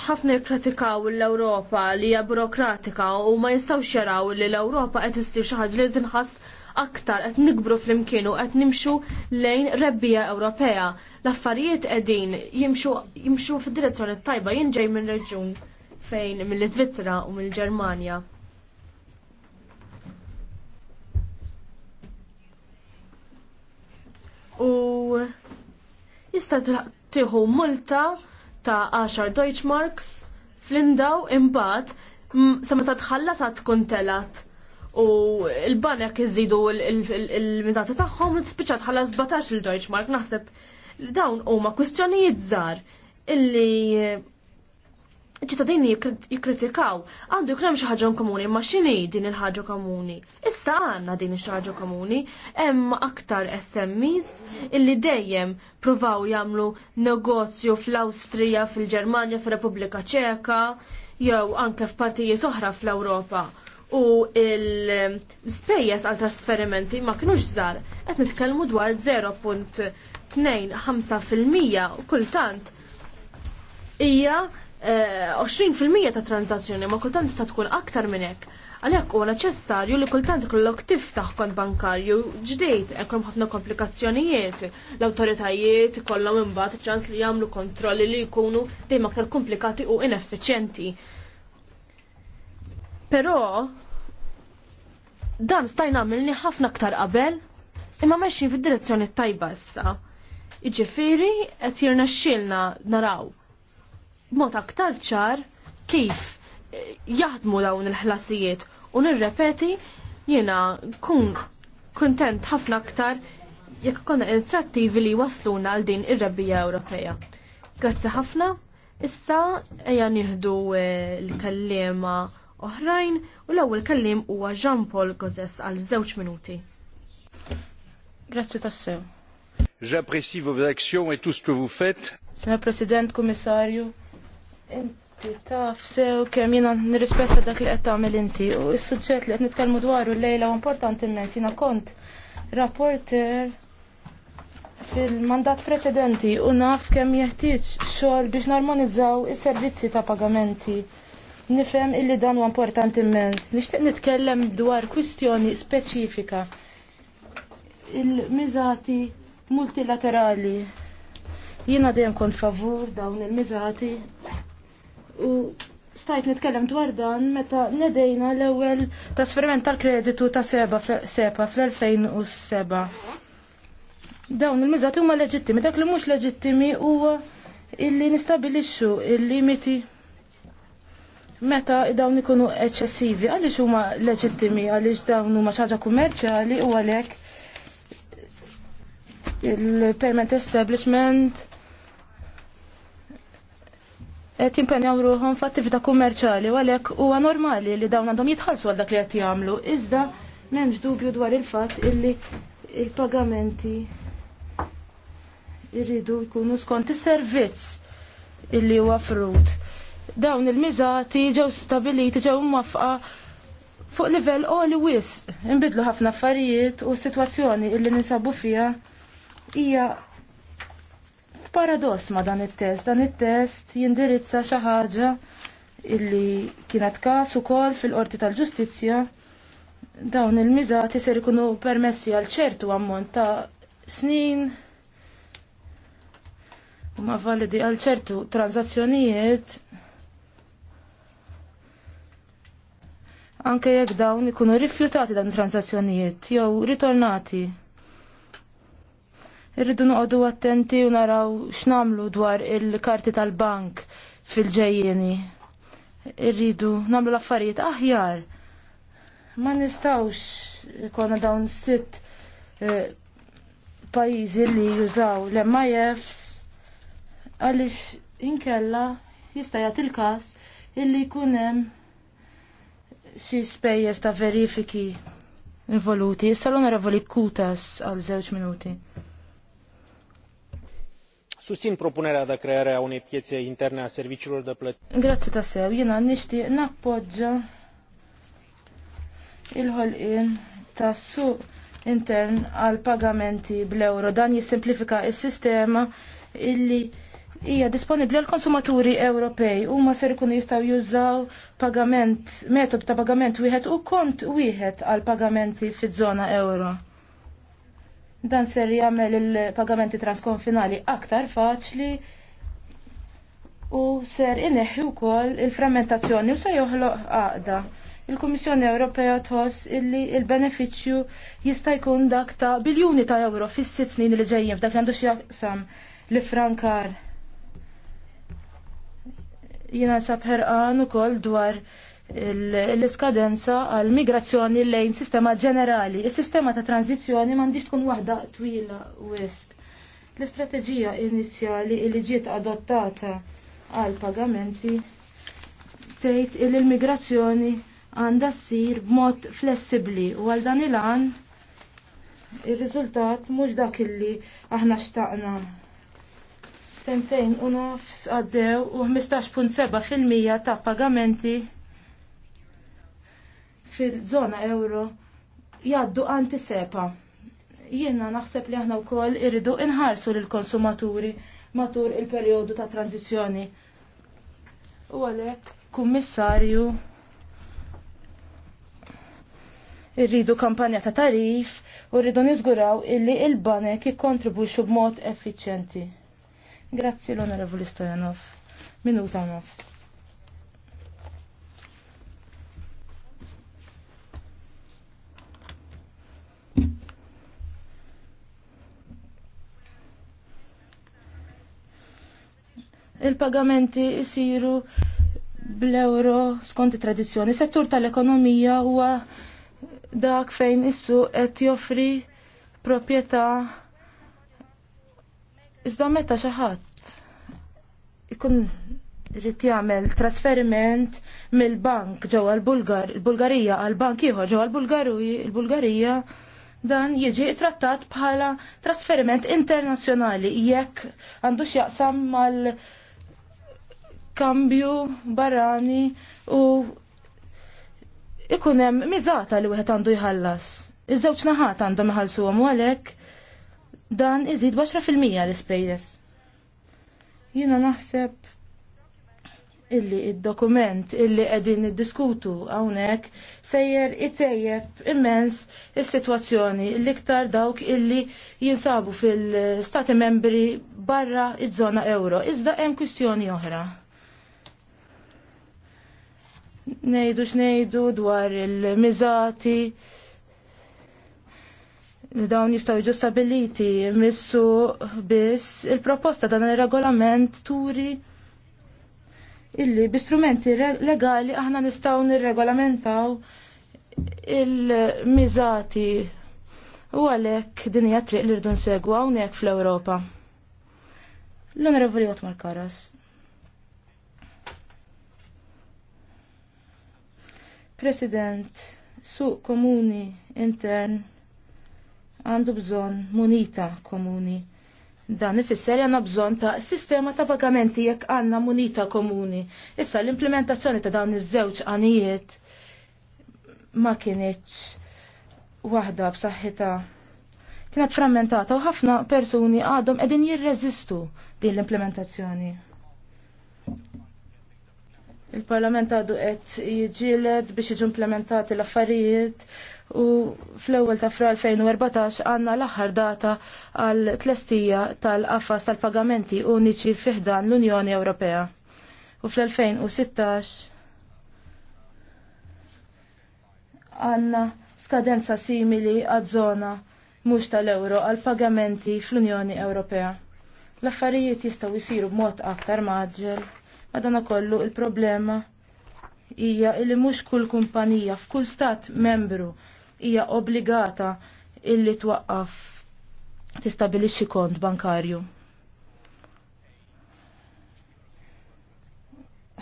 ħafna jikkratikaw l-Ewropa li hija burokratika u ma jistgħux jaraw li l-Ewropa qed issir xi ħaġa li tinħass aktar qed nikbru flimkien u qed nimxu lejn rebbija Ewropea. L-affarijiet qegħdin jimxu jimxu fid-direzzjoni tajba jien ġej minn reġjun fejn mill-Iżvizzera u mill-Ġermanja. u jista' tieħu multa ta' 10 Deutschmarks Marks flindaw imbagħad sa meta tħallas għad tkun telat u l-banek iżidu il-mitata tagħhom spiċċa tħallas 17 il-Deutschmark naħseb dawn huma kwistjonijiet jizzar illi ċittadini jikkritikaw, għandu jkun hemm xi ħaġa komuni, ma x'inhi din il-ħaġa komuni? Issa għandna din ix-ħaġa komuni, hemm aktar SMEs illi dejjem provaw jagħmlu negozju fl-Awstrija, fil-Ġermanja, fir-Repubblika Ċeka, jew anke f'partijiet oħra fl-Ewropa. U l-spejjeż għal trasferimenti ma kinux żgħar, qed nitkellmu dwar 0.25% kultant hija 20% eh, ta' transazzjoni ma kultant ta' tkun aktar minn hekk. Għalhekk huwa neċessarju li kultant ikollok tiftaħ kont bankarju ġdejt hemm ħafna komplikazzjonijiet. L-awtoritajiet ikollhom imbagħad ċans li jagħmlu kontrolli li jkunu dejjem aktar komplikati u ineffiċjenti. Però dan stajna għamilni ħafna aktar qabel imma meċin fid-direzzjoni tajba issa. Iġifieri qed jirna xilna naraw mod aktar ċar kif eh, jaħdmu dawn il-ħlasijiet u nirrepeti jiena kun kontent ħafna aktar jekk konna inizjattivi li wasluna għal din ir-rebbija Ewropea. Grazzi ħafna, issa ejja nieħdu eh, l kelliema oħrajn u l-ewwel kallim huwa Jean Paul Gozes għal żewġ minuti. Grazzi tassew. J'apprécie vos actions et tout ce que vous faites. le President, Commissaire, Inti taf sew kemm jiena nirrispetta dak li qed tagħmel inti u s-suġġett li qed nitkellmu dwaru lejla u importanti immens jiena kont rapporter fil-mandat preċedenti u naf kemm jeħtieġ xogħol biex narmonizzaw is-servizzi ta' pagamenti. Nifhem illi dan huwa importanti immens. Nixtieq nitkellem dwar kwistjoni speċifika. Il-miżati multilaterali. Jiena dejjem kont favur dawn il-miżati u stajt nitkellem dwar dan meta nedejna l-ewwel trasferiment tal-kreditu ta' seba sepa fl-2007. Dawn il-miżat huma leġittimi, dak li mhux leġittimi huwa illi nistabilixxu il-limiti meta dawn ikunu eċċessivi għaliex huma leġittimi għaliex dawn huma xi ħaġa kummerċjali u għalhekk il-payment establishment qed jimpenjaw ruhom f'attività kummerċjali u għalhekk huwa normali li dawn għandhom jitħallsu għal dak li qed jagħmlu. Iżda m'hemmx dubju dwar il-fatt illi il-pagamenti irridu jkunu skont is-servizz illi huwa frut. Dawn il-miżati ġew stabiliti ġew mwafqa fuq livell qoli wisq inbidlu ħafna affarijiet u situazzjoni sitwazzjoni illi ninsabu fiha hija paradoss ma dan it-test. Dan it-test jindirizza xi ħaġa illi kienet każ ukoll fil-Qorti tal-Ġustizzja dawn il-miżat isir ikunu permessi għal ċertu ammont ta' snin u ma validi għal ċertu tranzazzjonijiet anke jekk dawn ikunu rifjutati dan it transazzjonijiet jew ritornati. Irridu noqogħdu attenti u naraw x'namlu dwar il-karti tal-bank fil-ġejjeni. Irridu nagħmlu l-affarijiet aħjar. Ma nistawx ikona dawn sitt eh, pajjiżi li jużaw l-MIFs għaliex inkella jista' jagħti il-każ illi jkun hemm xi spejjeż ta' verifiki involuti. Issa l-onorevoli Kutas għal żewġ minuti. Susin propunerea de creare a unei piețe interne a serviciilor de plăți. Grazzi ta' sew, jina nishti il-ħolqin ta' suq intern għal pagamenti bl-euro. Dan jissimplifika il-sistema illi hija disponibli għal konsumaturi Ewropej u ma ser ikunu jistaw jużaw pagament, metod ta' pagament wieħed u kont wieħed għal pagamenti fiż żona euro. Dan ser jagħmel il-pagamenti transkonfinali aktar faċli u ser ineħħi wkoll il-frammentazzjoni u se joħloq għaqda. Il-Kummissjoni Ewropea tħoss illi il-benefiċċju jista' jkun dak ta' biljuni ta' euro fis-sitt snin li ġejjin f'dak li għandu x'jaqsam li frankar. Jiena sabħer ukoll dwar l-iskadenza għal migrazzjoni lejn sistema ġenerali. Is-sistema ta' tranzizjoni m'għandix tkun waħda twila wisq. L-istrateġija inizjali li ġiet adottata għal pagamenti tgħid il l-migrazzjoni għandha ssir b'mod flessibbli u għal dan il-għan ir-riżultat mhux dak illi aħna xtaqna sentejn u nofs għaddew u 15.7% ta' pagamenti fil-żona euro jaddu għanti sepa. Jiena naħseb li aħna wkoll irridu inħarsu lill konsumaturi matul il-perjodu ta' tranzizjoni. U għalhekk, kummissarju irridu kampanja ta' tarif u rridu niżguraw illi il-banek jikkontribwixxu b'mod effiċjenti. Grazzi l-Onorevoli Stojanov. Minuta nofs. il-pagamenti jisiru bl-euro skont tradizzjoni. Settur tal-ekonomija huwa dak fejn issu qed joffri proprjetà iżda meta xi ħadd ikun irid jagħmel trasferiment mill-bank ġewwa l-Bulgar, il-Bulgarija għal bank ieħor ġewwa l-Bulgarija, dan jiġi trattat bħala trasferiment internazzjonali jekk għandux jaqsam mal- kambju barani u ikun hemm miżata li wieħed għandu jħallas. Iż-żewġ naħat għandhom iħallsuhom u għalhekk dan iżid 10% l-ispejjeż. Jiena naħseb illi id-dokument illi qegħdin niddiskutu hawnhekk sejjer itejjeb immens is-sitwazzjoni l-iktar dawk illi jinsabu fil-stati membri barra iż-żona euro. Iżda hemm kwistjoni oħra nejdu xnejdu dwar il-mizati dawn jistaw iġu stabiliti missu biss il-proposta dan il-regolament turi illi b'istrumenti legali aħna nistaw nirregolamentaw il-mizati u għalek din hija triq li rridu nsegwa hawnhekk fl-Ewropa. L-Onorevoli Otmar Karas. President, suq komuni intern għandu bżon munita komuni. Dan ifisser għanna bżon ta' sistema ta' pagamenti jekk għanna munita komuni. Issa l-implementazzjoni ta' dawn iż-żewġ għanijiet ma kienieċ waħda b'saħħita. Kienet frammentata u ħafna persuni għadhom qegħdin jirreżistu din l-implementazzjoni. Il-Parlament għadu qed jiġieled biex iġu implementati l-affarijiet u fl-ewwel ta' fra 2014 għandna l-aħħar data għal tlestija tal-qafas tal-pagamenti uniċi fiħdan l-Unjoni Ewropea. U fl-2016 għandna skadenza simili għad-żona mhux tal-euro għal pagamenti fl-Unjoni Ewropea. L-affarijiet jistgħu jsiru b'mod aktar maġġel Madana kollu il-problema hija li mhux kull kumpanija f'kull stat membru hija obbligata illi twaqqaf tistabilixxi kont bankarju.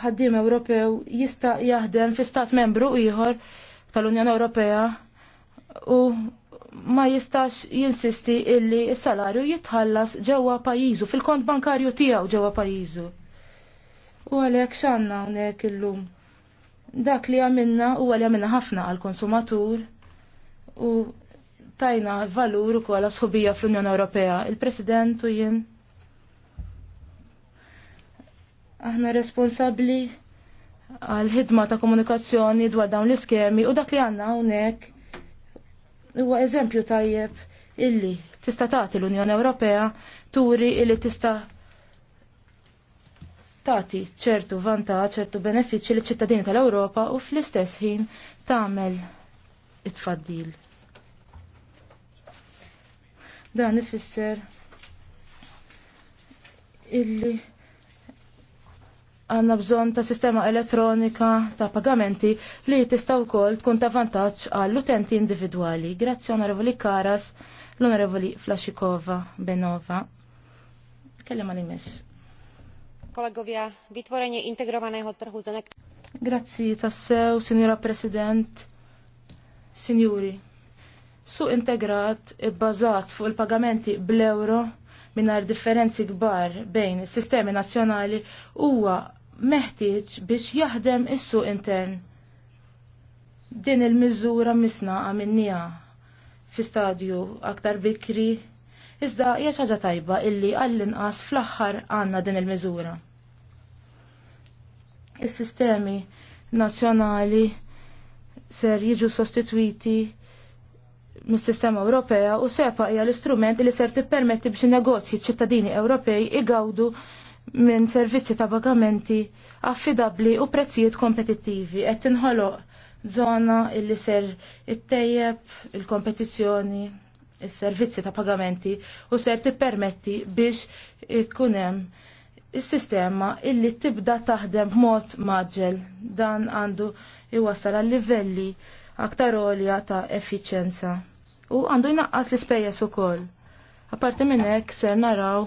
ħaddim Ewropew jista' jaħdem fi stat membru ieħor tal-Unjoni Ewropea u ma jistax jinsisti illi s-salarju jitħallas ġewwa pajjiżu fil-kont bankarju tiegħu ġewwa pajjiżu. U għalhekk x'għandna hawnhekk illum. Dak li għamilna u għalek għamilna ħafna għal konsumatur u tajna valur ukoll kolla sħubija fl-Unjoni Ewropea. Il-President u jien aħna responsabbli għal ħidma ta' komunikazzjoni dwar dawn l-iskemi u dak li għandna hawnhekk huwa eżempju tajjeb illi tista' tagħti l-Unjoni Ewropea turi illi tista' tagħti ċertu vantaġġ, ċertu benefiċċji liċ ċittadini tal-Ewropa u fl-istess ħin tagħmel it-tfaddil. Dan ifisser illi għanna bżon ta' sistema elettronika ta' pagamenti li tista' wkoll tkun ta' vantaġġ għall-utenti individwali. Grazzi Onorevoli Karas, l-Onorevoli Flashikova Benova. Kellem għal-imess. Grazzi tassew, Signora President, Sinjuri. Su integrat bbażat e fuq il-pagamenti bl-euro mingħajr differenzi kbar bejn is-sistemi nazzjonali huwa meħtieġ biex jaħdem is-suq intern. Din il-miżura misna għaminnija fi stadju aktar bikri Iżda hija ħaġa tajba illi għall-inqas fl-aħħar għandna din il-miżura. Is-sistemi nazzjonali ser jiġu sostitwiti mis-sistema Ewropea u sepa hija l-istrument li ser tippermetti biex negozji ċittadini Ewropej igawdu minn servizzi ta' pagamenti affidabli u prezzijiet kompetittivi qed tinħoloq żona illi ser ittejjeb il-kompetizzjoni is-servizzi ta' pagamenti u ser tippermetti biex ikun hemm sistema illi tibda taħdem b'mod maġġel dan għandu iwassal għal livelli aktar għolja ta' effiċjenza u għandu jnaqqas l-ispejjeż ukoll. Apparti minn hekk ser naraw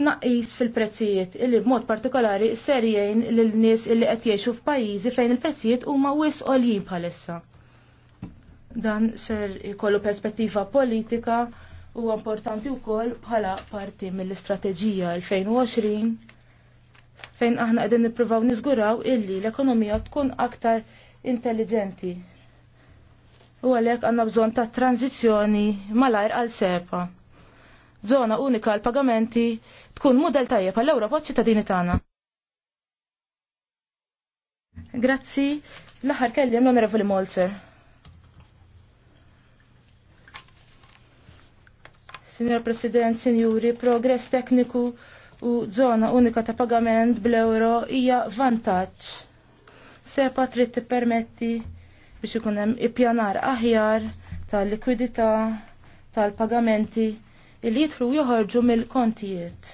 tnaqqis fil-prezzijiet illi b'mod partikolari ser jgħin lil nies illi qed jgħixu f'pajjiżi fejn il-prezzijiet huma wisq għoljin bħalissa. Dan ser jkollu perspettiva politika u importanti wkoll bħala parti mill-istrateġija 2020 fejn aħna qegħdin nippruvaw niżguraw illi l-ekonomija tkun aktar intelligenti. U għalhekk għandna bżonn ta' tranzizjoni malajr għal sepa. Zona unika għal pagamenti tkun mudell tajjeb għall ewropa ċittadini tagħna. Grazzi, l-aħħar kelliem l-Onorevoli Molzer. Signor President, Signori, progress tekniku u zona unika ta' pagament bl-euro hija vantaġġ. Sepa trid tippermetti biex ikun hemm ippjanar aħjar tal-likwidità tal-pagamenti li jidħlu joħorġu mill-kontijiet.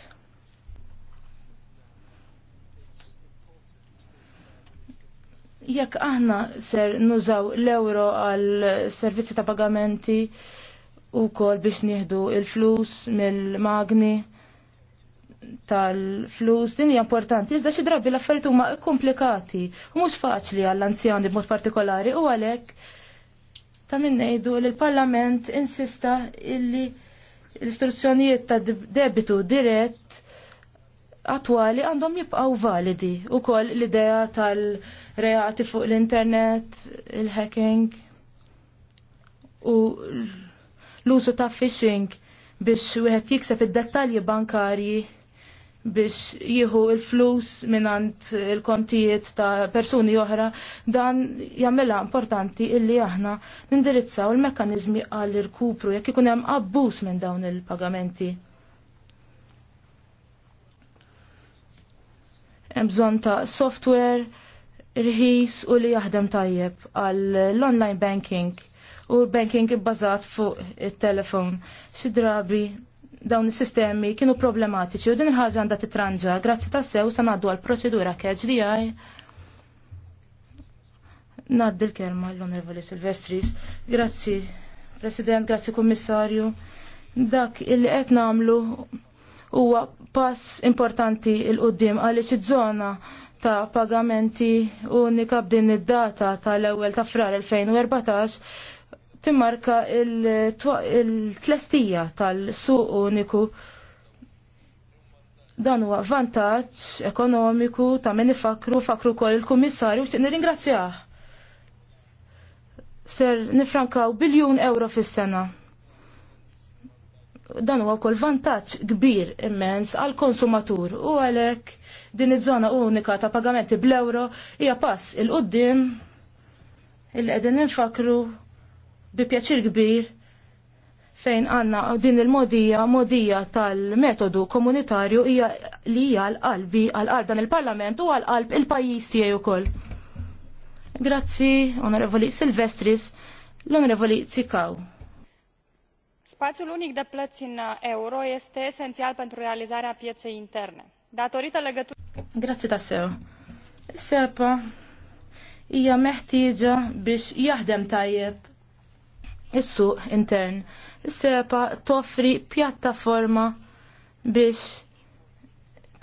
Jekk aħna ser nużaw l-euro għal servizzi ta' pagamenti u kol biex nieħdu il-flus mill-magni tal-flus din hija importanti iżda xi drabi l-affarijiet huma komplikati u mhux faċli għall-anzjani b'mod partikolari u għalhekk ta' min ngħidu li l-Parlament insista illi l-istruzzjonijiet ta' debitu dirett attwali għandhom jibqgħu validi wkoll l-idea tal-reati fuq l-internet, il-hacking u l-użu ta' phishing biex wieħed jikseb id-dettalji bankarji biex jieħu il-flus minnant il-kontijiet ta' persuni oħra, dan jagħmilha importanti illi aħna nindirizzaw il-mekkaniżmi għall irkupru jekk ikun hemm abbuż minn dawn il-pagamenti. Hemm bżonn ta' software rħis u li jaħdem tajjeb għall online banking u l banking bazat fuq it-telefon. Xi drabi dawn is-sistemi kienu problematiċi u din il-ħaġa għandha titranġa. Grazzi tassew se ngħaddu għal proċedura KHDI. Naddi l-kelma l-Onorevoli Silvestris. Grazzi, President, grazzi Kummissarju. Dak il qed nagħmlu huwa pass importanti il-qoddim għaliex iż-żona ta' pagamenti unika b'din id-data tal-ewwel ta' frar 2014 timmarka il-tlestija tal-suq uniku dan huwa vantaġġ ekonomiku ta' min ifakru fakru kol il-kummissarju xtieq nirringrazzjah. Ser nifrankaw biljun euro fis-sena. Dan huwa wkoll vantaġġ kbir immens għal konsumatur u għalhekk din iż-żona unika ta' pagamenti bl-euro hija pass il-qudiem il qegħdin infakru bi pjaċir kbir fejn għanna din il-modija, modija tal-metodu komunitarju hija li hija għal-qalbi għal-qalb dan il-Parlament u għal-qalb il-pajjiż tiegħi wkoll. Grazzi, Onorevoli Silvestris, l-Onorevoli Zikaw. Spațiul unik de plăți în euro este esențial pentru realizarea pieței interne. Datorită legăturii... Grazie ta' sew. Sepa, hija meħtieġa biex jaħdem tajjeb is-suq intern. Is-sepa toffri pjattaforma biex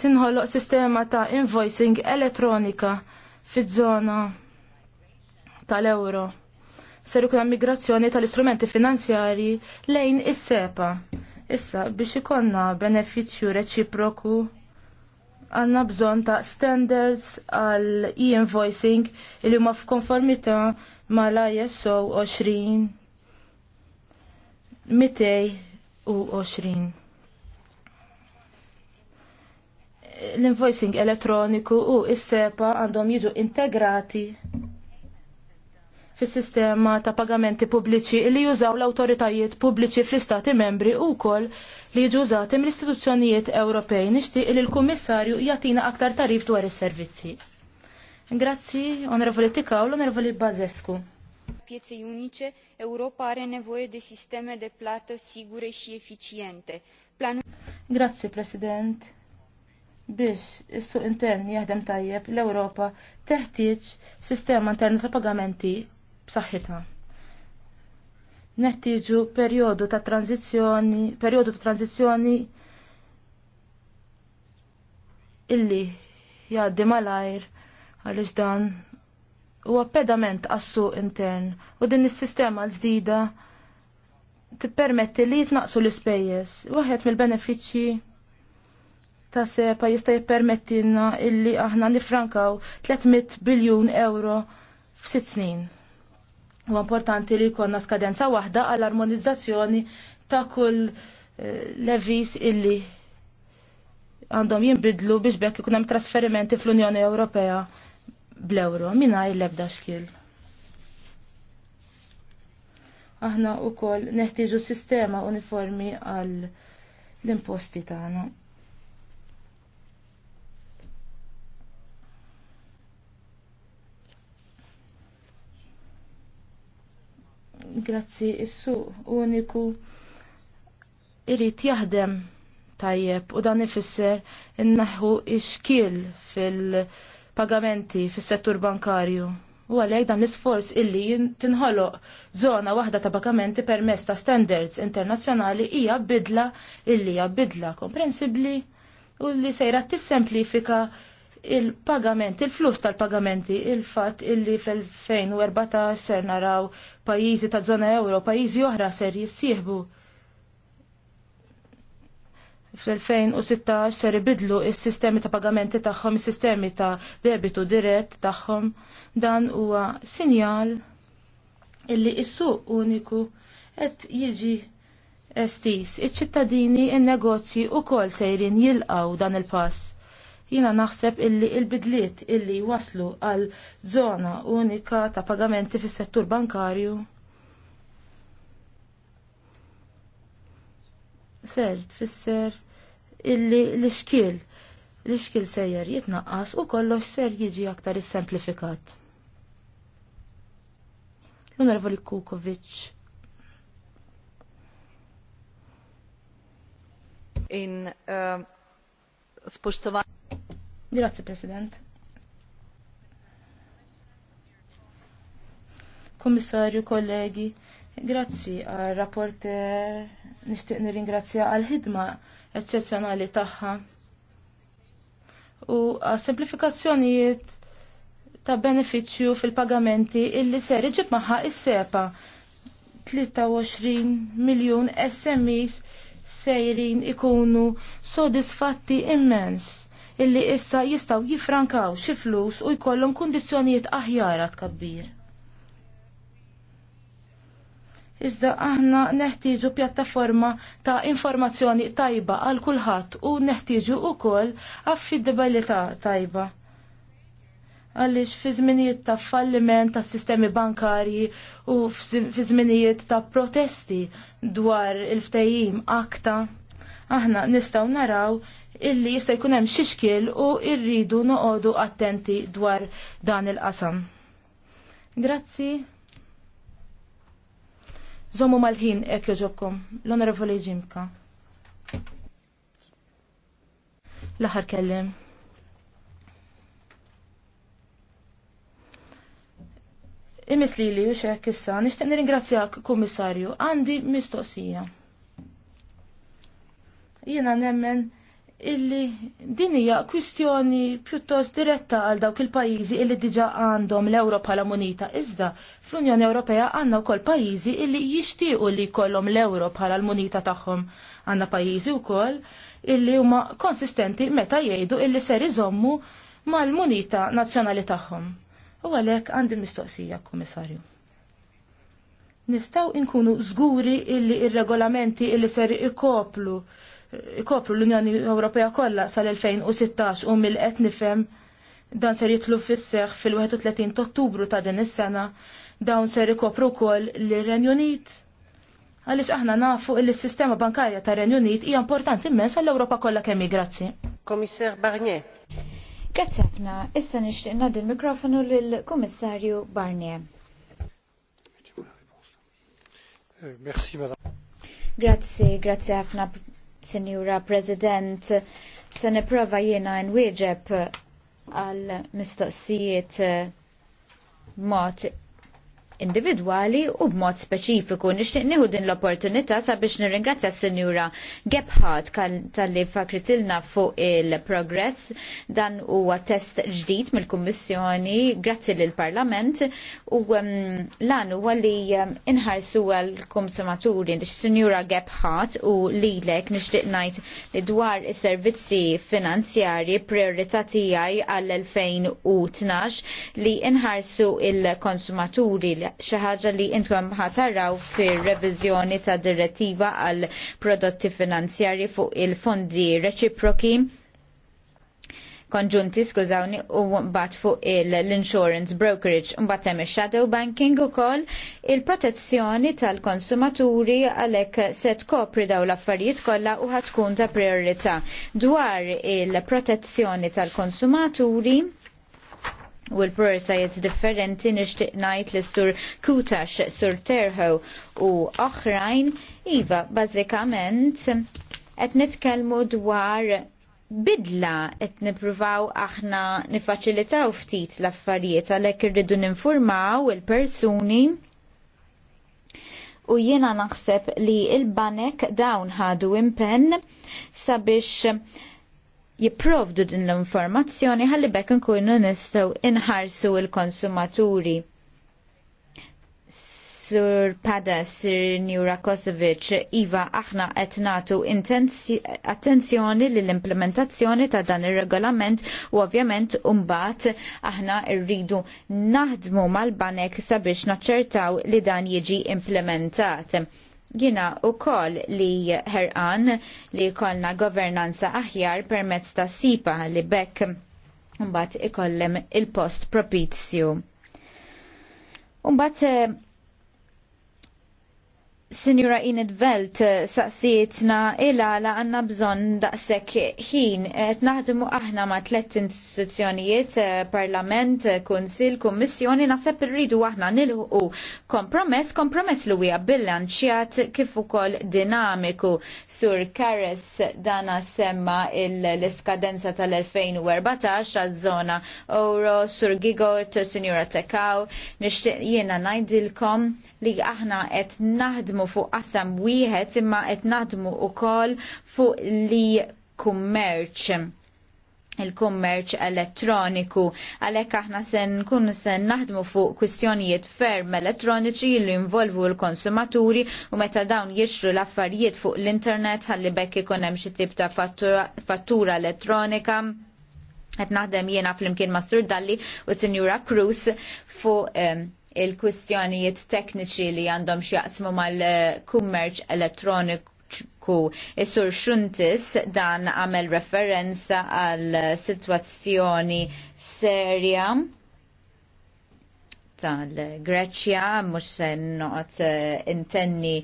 tinħoloq sistema ta' invoicing elettronika fiż-żona tal-euro. Ser ikun migrazzjoni tal-istrumenti finanzjarji lejn is-sepa. Issa biex ikonna benefiċċju reċiproku għanna bżon ta' standards għal e-invoicing li huma f'konformità mal-ISO 20 220 l-invoicing elettroniku u s-sepa għandhom jiġu integrati fis sistema ta' pagamenti pubbliċi li jużaw l-autoritajiet pubbliċi fl-istati membri u kol li jiġu użati mill-istituzzjonijiet Ewropej nixtieq li l-Kummissarju jagħtina aktar tarif dwar is-servizzi. Grazzi, Onorevoli Tikaw, l-Onorevoli Bazescu pieței unice europa are nevoie de sisteme de plată sigure și eficiente. Planul... Grazie, President. Biex is-suq intern jaħdem tajjeb, l-Ewropa teħtieġ sistema interna ta' pagamenti b'saħħitha. Neħtieġu perjodu ta' tranzizzjoni, perjodu ta' tranzizzjoni illi jgħaddi malajr għaliex dan huwa pedament għassu intern u din is-sistema l-ġdida tippermetti li jitnaqsu l-ispejjeż. Waħed mill-benefiċċji ta' sepa jista' jippermettilna illi aħna nifrankaw 300 biljun euro f'sitt snin. U importanti li jkollna skadenza waħda għall armonizzazzjoni ta' kull eh, levis illi għandhom jinbidlu biex bekk ikun hemm trasferimenti fl-Unjoni Ewropea bl-euro mingħajr l-ebda xkil. Aħna wkoll neħtieġu sistema uniformi għal l-imposti tagħna. Grazzi, is-suq uniku irrit jaħdem tajjeb u dan ifisser innaħu ixkil fil- pagamenti fis-settur bankarju. U għalhekk dan l-isforz illi tinħoloq żona waħda ta' pagamenti permezz ta' standards internazzjonali hija bidla illi hija bidla komprensibbli u li sejra tissemplifika il-pagamenti, il-flus tal-pagamenti, il-fat illi fl-2014 ser naraw pajizi ta' zona euro, pajizi oħra ser jissieħbu fl-2016 ser ibidlu s sistemi ta' pagamenti tagħhom, is-sistemi ta' debitu dirett tagħhom. Dan huwa sinjal illi is-suq uniku qed jiġi estis. Iċ-ċittadini, in-negozji ukoll sejrin jilqaw dan il-pass. Jina naħseb illi il-bidliet illi waslu għal zona unika ta' pagamenti fis-settur bankarju ser tfisser illi l-iskil l-iskil sejjer jitnaqqas u kollox ser jiġi aktar is-semplifikat. L-Onorevoli Kukovic. In uh, Grazie, President. Komissarju, kollegi, grazzi għal rapporter, nishtiq nirringrazzja għal ħidma eċċezzjonali tagħha. U simplifikazzjonijiet ta' beneficju fil-pagamenti illi ser iġib magħha is-sepa 23 miljun SMEs sejrin ikunu sodisfatti immens illi issa jistaw jifrankaw xi flus u jkollhom kundizzjonijiet aħjara tkabbir. Iżda aħna neħtieġu pjattaforma ta' informazzjoni tajba għal kulħadd u neħtieġu wkoll affidibilità tajba. Għaliex fi żminijiet ta' falliment ta' sistemi bankarji u fi żminijiet ta' protesti dwar il-ftehim akta, aħna nistgħu naraw illi jista' jkun hemm xi xkiel u rridu noqogħdu attenti dwar dan il-qasam. Grazzi. Zomu mal-ħin ek joġobkom. L-Onorevoli Ġimka. l kellim. Imis li li uxek issa, nishtiq nirringrazzjak kummissarju, għandi mistoqsija. Jiena nemmen illi din hija kwistjoni pjuttost diretta għal dawk il-pajjiżi illi diġà għandhom l-Ewro bħala munita. Iżda fl-Unjoni Ewropea għandna wkoll pajjiżi illi jixtiequ li jkollhom l-Ewro bħala l-munita tagħhom. Għandna pajjiżi wkoll illi huma konsistenti meta jgħidu illi ser iżommu mal-munita nazzjonali tagħhom. U għalhekk għandi mistoqsija, Kummissarju nistaw inkunu żguri illi ir-regolamenti illi ser ikoplu ikopru l-Unjoni Ewropea kollha sal-2016 u mill-qed nifhem dan ser jitlu fisseħ fil-31 ta' Ottubru ta' din is-sena dawn ser ikopru wkoll lir-Renju Unit. Għaliex aħna nafu li s-sistema bankarja ta' Renju Unit hija importanti immens għall-Ewropa kollha kemm grazzi. Komissar Barnier. Grazzi ħafna. Issa nixtieq nagħdi l-mikrofonu lill-Kummissarju Barnier. Merci, madame. Grazzi, grazzi ħafna Sinjura President, se niprofa jiena nwieġeb għal mistoqsijiet mod individwali u b'mod speċifiku. Nixtieq nieħu din l-opportunità sabiex nirringrazzja s-Sinjura Gebhardt tal-li fakritilna fuq il-progress dan huwa test ġdid mill-Kummissjoni grazzi lill parlament u um, lan huwa li um, inħarsu għall-konsumaturi nix Sinjura Gebhardt u lilek nixtieq ngħid li dwar is-servizzi finanzjarji priorità tiegħi għall-2012 li inħarsu il-konsumaturi li xi ħaġa li intom ħataraw fir-reviżjoni ta' direttiva għal prodotti finanzjarji fuq il-fondi reċiproki konġunti skużawni u mbagħad fuq l-insurance brokerage u mbagħad hemm shadow banking ukoll il-protezzjoni tal-konsumaturi għalhekk se tkopri daw l-affarijiet kollha u ħatkun ta' priorità dwar il-protezzjoni tal-konsumaturi u l-prioritajiet differenti nixtieq ngħid li sur Kutax, sur Terho u oħrajn, iva bażikament qed nitkellmu dwar bidla qed nippruvaw aħna nifaċilitaw ftit l-affarijiet għalhekk irridu ninformaw il-persuni u jiena naħseb li il-banek dawn ħadu impenn sabiex jipprovdu din l-informazzjoni ħalli bekk nkunu nistgħu inħarsu il-konsumaturi. Sur Pada, Sir Njura Kosovic, Iva, aħna qed nagħtu attenzjoni l implementazzjoni ta' dan ir-regolament u ovvjament mbagħad aħna rridu naħdmu mal-banek sabiex naċċertaw li dan jiġi implementat Jina u kol li herqan li kolna governanza aħjar permezz ta' sipa li bekk mbagħad ikollem il-post propizju. Mbagħad eh, Sinjura Inet Velt eh, saqsietna ila la għanna bżon daqsek ħin. Naħdmu aħna ma tlet istituzzjonijiet, eh, parlament, eh, kunsil, kummissjoni, naħseb irridu aħna nilħu kompromess, kompromess li huwa bilanċjat kif ukoll dinamiku. Sur Kares dana semma l-iskadenza tal-2014 għaż-żona Euro, Sur Gigot, Sinjura Tekaw, nixtieq jiena ngħidilkom li aħna qed naħdmu naħdmu fuq qasam wieħed imma qed naħdmu wkoll fuq li kummerċ il-kummerċ elettroniku. Għalhekk aħna se nkunu se naħdmu fuq kwistjonijiet ferm elettroniċi li involvu l-konsumaturi u meta dawn jixru l-affarijiet fuq l-internet ħalli bekk ikun hemm xi tip ta' fattura, fattura elettronika qed naħdem jiena flimkien ma' Sur Dalli u Sinjura Cruz fuq eh, il-kwistjonijiet tekniċi li għandhom xjaqsmu mal-kummerċ elettroniku. Is-sur Xuntis dan għamel referenza għal situazzjoni serja tal-Greċja, mux noqot eh, intenni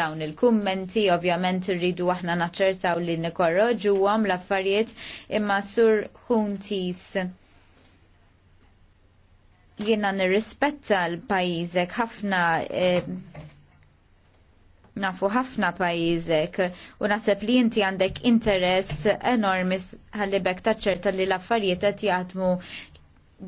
dawn il-kummenti, ovvjament rridu aħna naċċertaw li nikorroġu għam l-affarijiet imma sur Xuntis jiena nirrispetta l-pajjiżek ħafna eh, nafu ħafna pajjiżek u naħseb li inti għandek interess enormi ħallibek taċċerta li l-affarijiet qed jaħdmu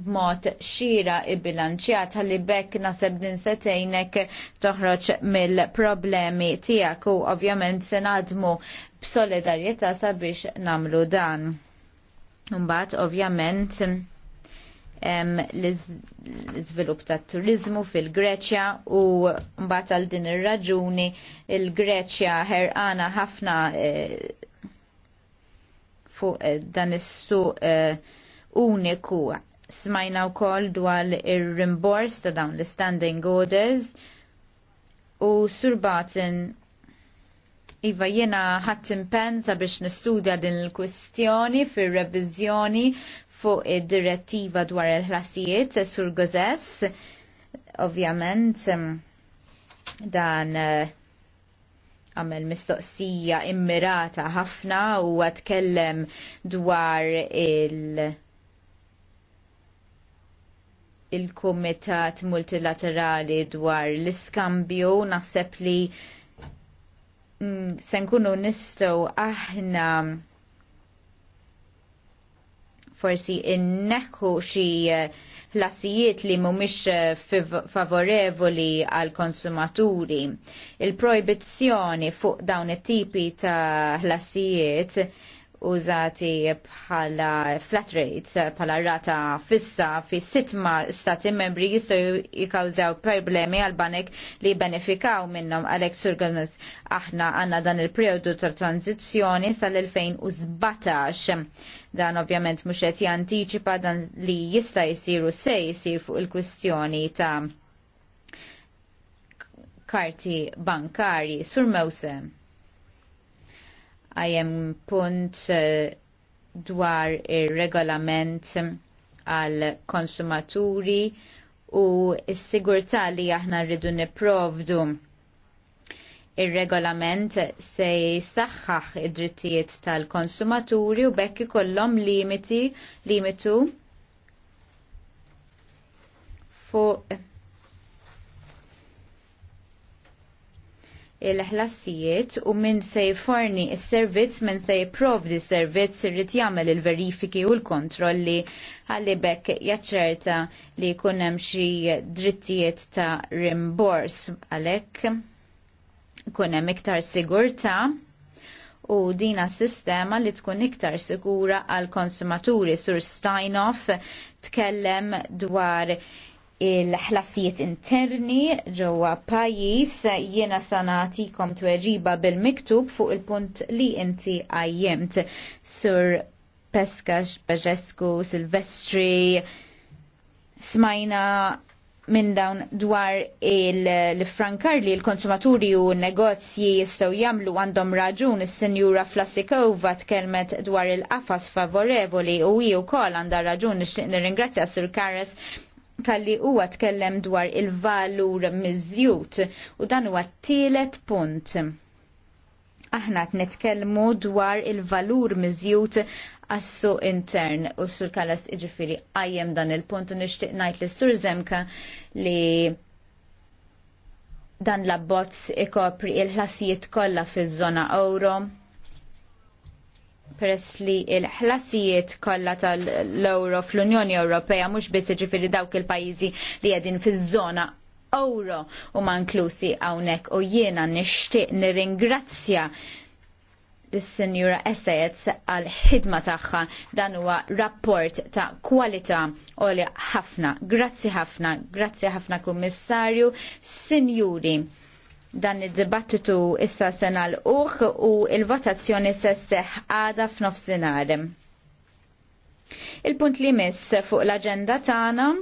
b'mod xira ibbilanċjat ħalli bekk naseb din setejnek toħroġ mill-problemi tiegħek u ovvjament se naħdmu b'solidarjetà sabiex namlu dan. Mbagħad ovvjament l-izvilup ta' turizmu fil-Greċja u mbagħad għal din ir-raġuni il-Greċja ħerqana ħafna eh, fuq eh, dan is-suq eh, uniku smajna wkoll dwar ir-rimbors ta' dawn l-standing orders u surbatin Iva jena ħadd impenn sabiex nistudja din il-kwistjoni fir-reviżjoni fuq id-direttiva dwar il-ħlasijiet sur Gozess. Ovvjament dan eh, għamel mistoqsija immirata ħafna u għatkellem dwar il- il-Kumitat Multilaterali dwar l-iskambju naħseb li Mm, se nkunu nistgħu aħna forsi nneħħu xi ħlasijiet eh, li mhumiex eh, favorevoli għal konsumaturi. Il-proibizzjoni fuq dawn it-tipi ta' ħlasijiet użati bħala flat rate, bħala rata fissa fi sitma stati membri jistgħu jikkawżaw problemi għal banek li benefikaw minnhom għalek surganis aħna għandna dan il periodu ta' tranzizjoni sal-2017. Dan ovvjament mhux qed jantiċipa dan li jista' jisiru se jsir fuq il-kwistjoni ta' karti bankari sur mewsem għajem punt eh, dwar ir-regolament għal konsumaturi u s-sigurtà li aħna rridu niprovdu Ir-regolament se jisaxħax id-drittijiet tal-konsumaturi u bekk ikollhom limiti limitu fuq il-ħlassijiet u min se jforni s-servizz min se jiprovdi s-servizz irrid jagħmel il-verifiki u l-kontrolli ħalli bekk jaċċerta li jkun hemm xi drittijiet ta' rimbors għalhekk kun hemm iktar sigurtà u dina sistema li tkun iktar sikura għal konsumaturi sur Steinoff tkellem dwar il-ħlasijiet interni ġewwa pajjiż jiena sanatikom tweġiba bil-miktub fuq il-punt li inti għajjemt sur Pesca Baġesku, Silvestri, smajna minn dawn dwar il-frankar li l-konsumaturi u negozji jistaw jamlu għandhom raġun is-senjura Flasikova tkellmet dwar il-qafas favorevoli u hi wkoll għandha raġun nixtieq nirringrazzja Sur Karas kalli huwa tkellem dwar il-valur miżjut u dan huwa t-tielet punt. Aħna qed nitkellmu dwar il-valur miżjut għassu intern u sur kalas iġifiri għajem dan il-punt u nishtiq najt li sur zemka li dan l-abbozz ikopri il-ħlasijiet kollha fiż-żona euro peress li il-ħlasijiet kollha tal-euro fl-Unjoni Ewropea mhux biss jiġifieri dawk il-pajjiżi li qegħdin fiż-żona euro huma inklusi hawnhekk u jiena nixtieq nirringrazzja l sinjura Essejez għal ħidma tagħha dan huwa rapport ta' kwalità għolja ħafna. Grazzi ħafna, grazzi ħafna kummissarju, Sinjuri dan id-dibattitu issa sena l-uħ u il-votazzjoni sesseħ għada f'nofsinhar. Il-punt li miss fuq l-agenda tagħna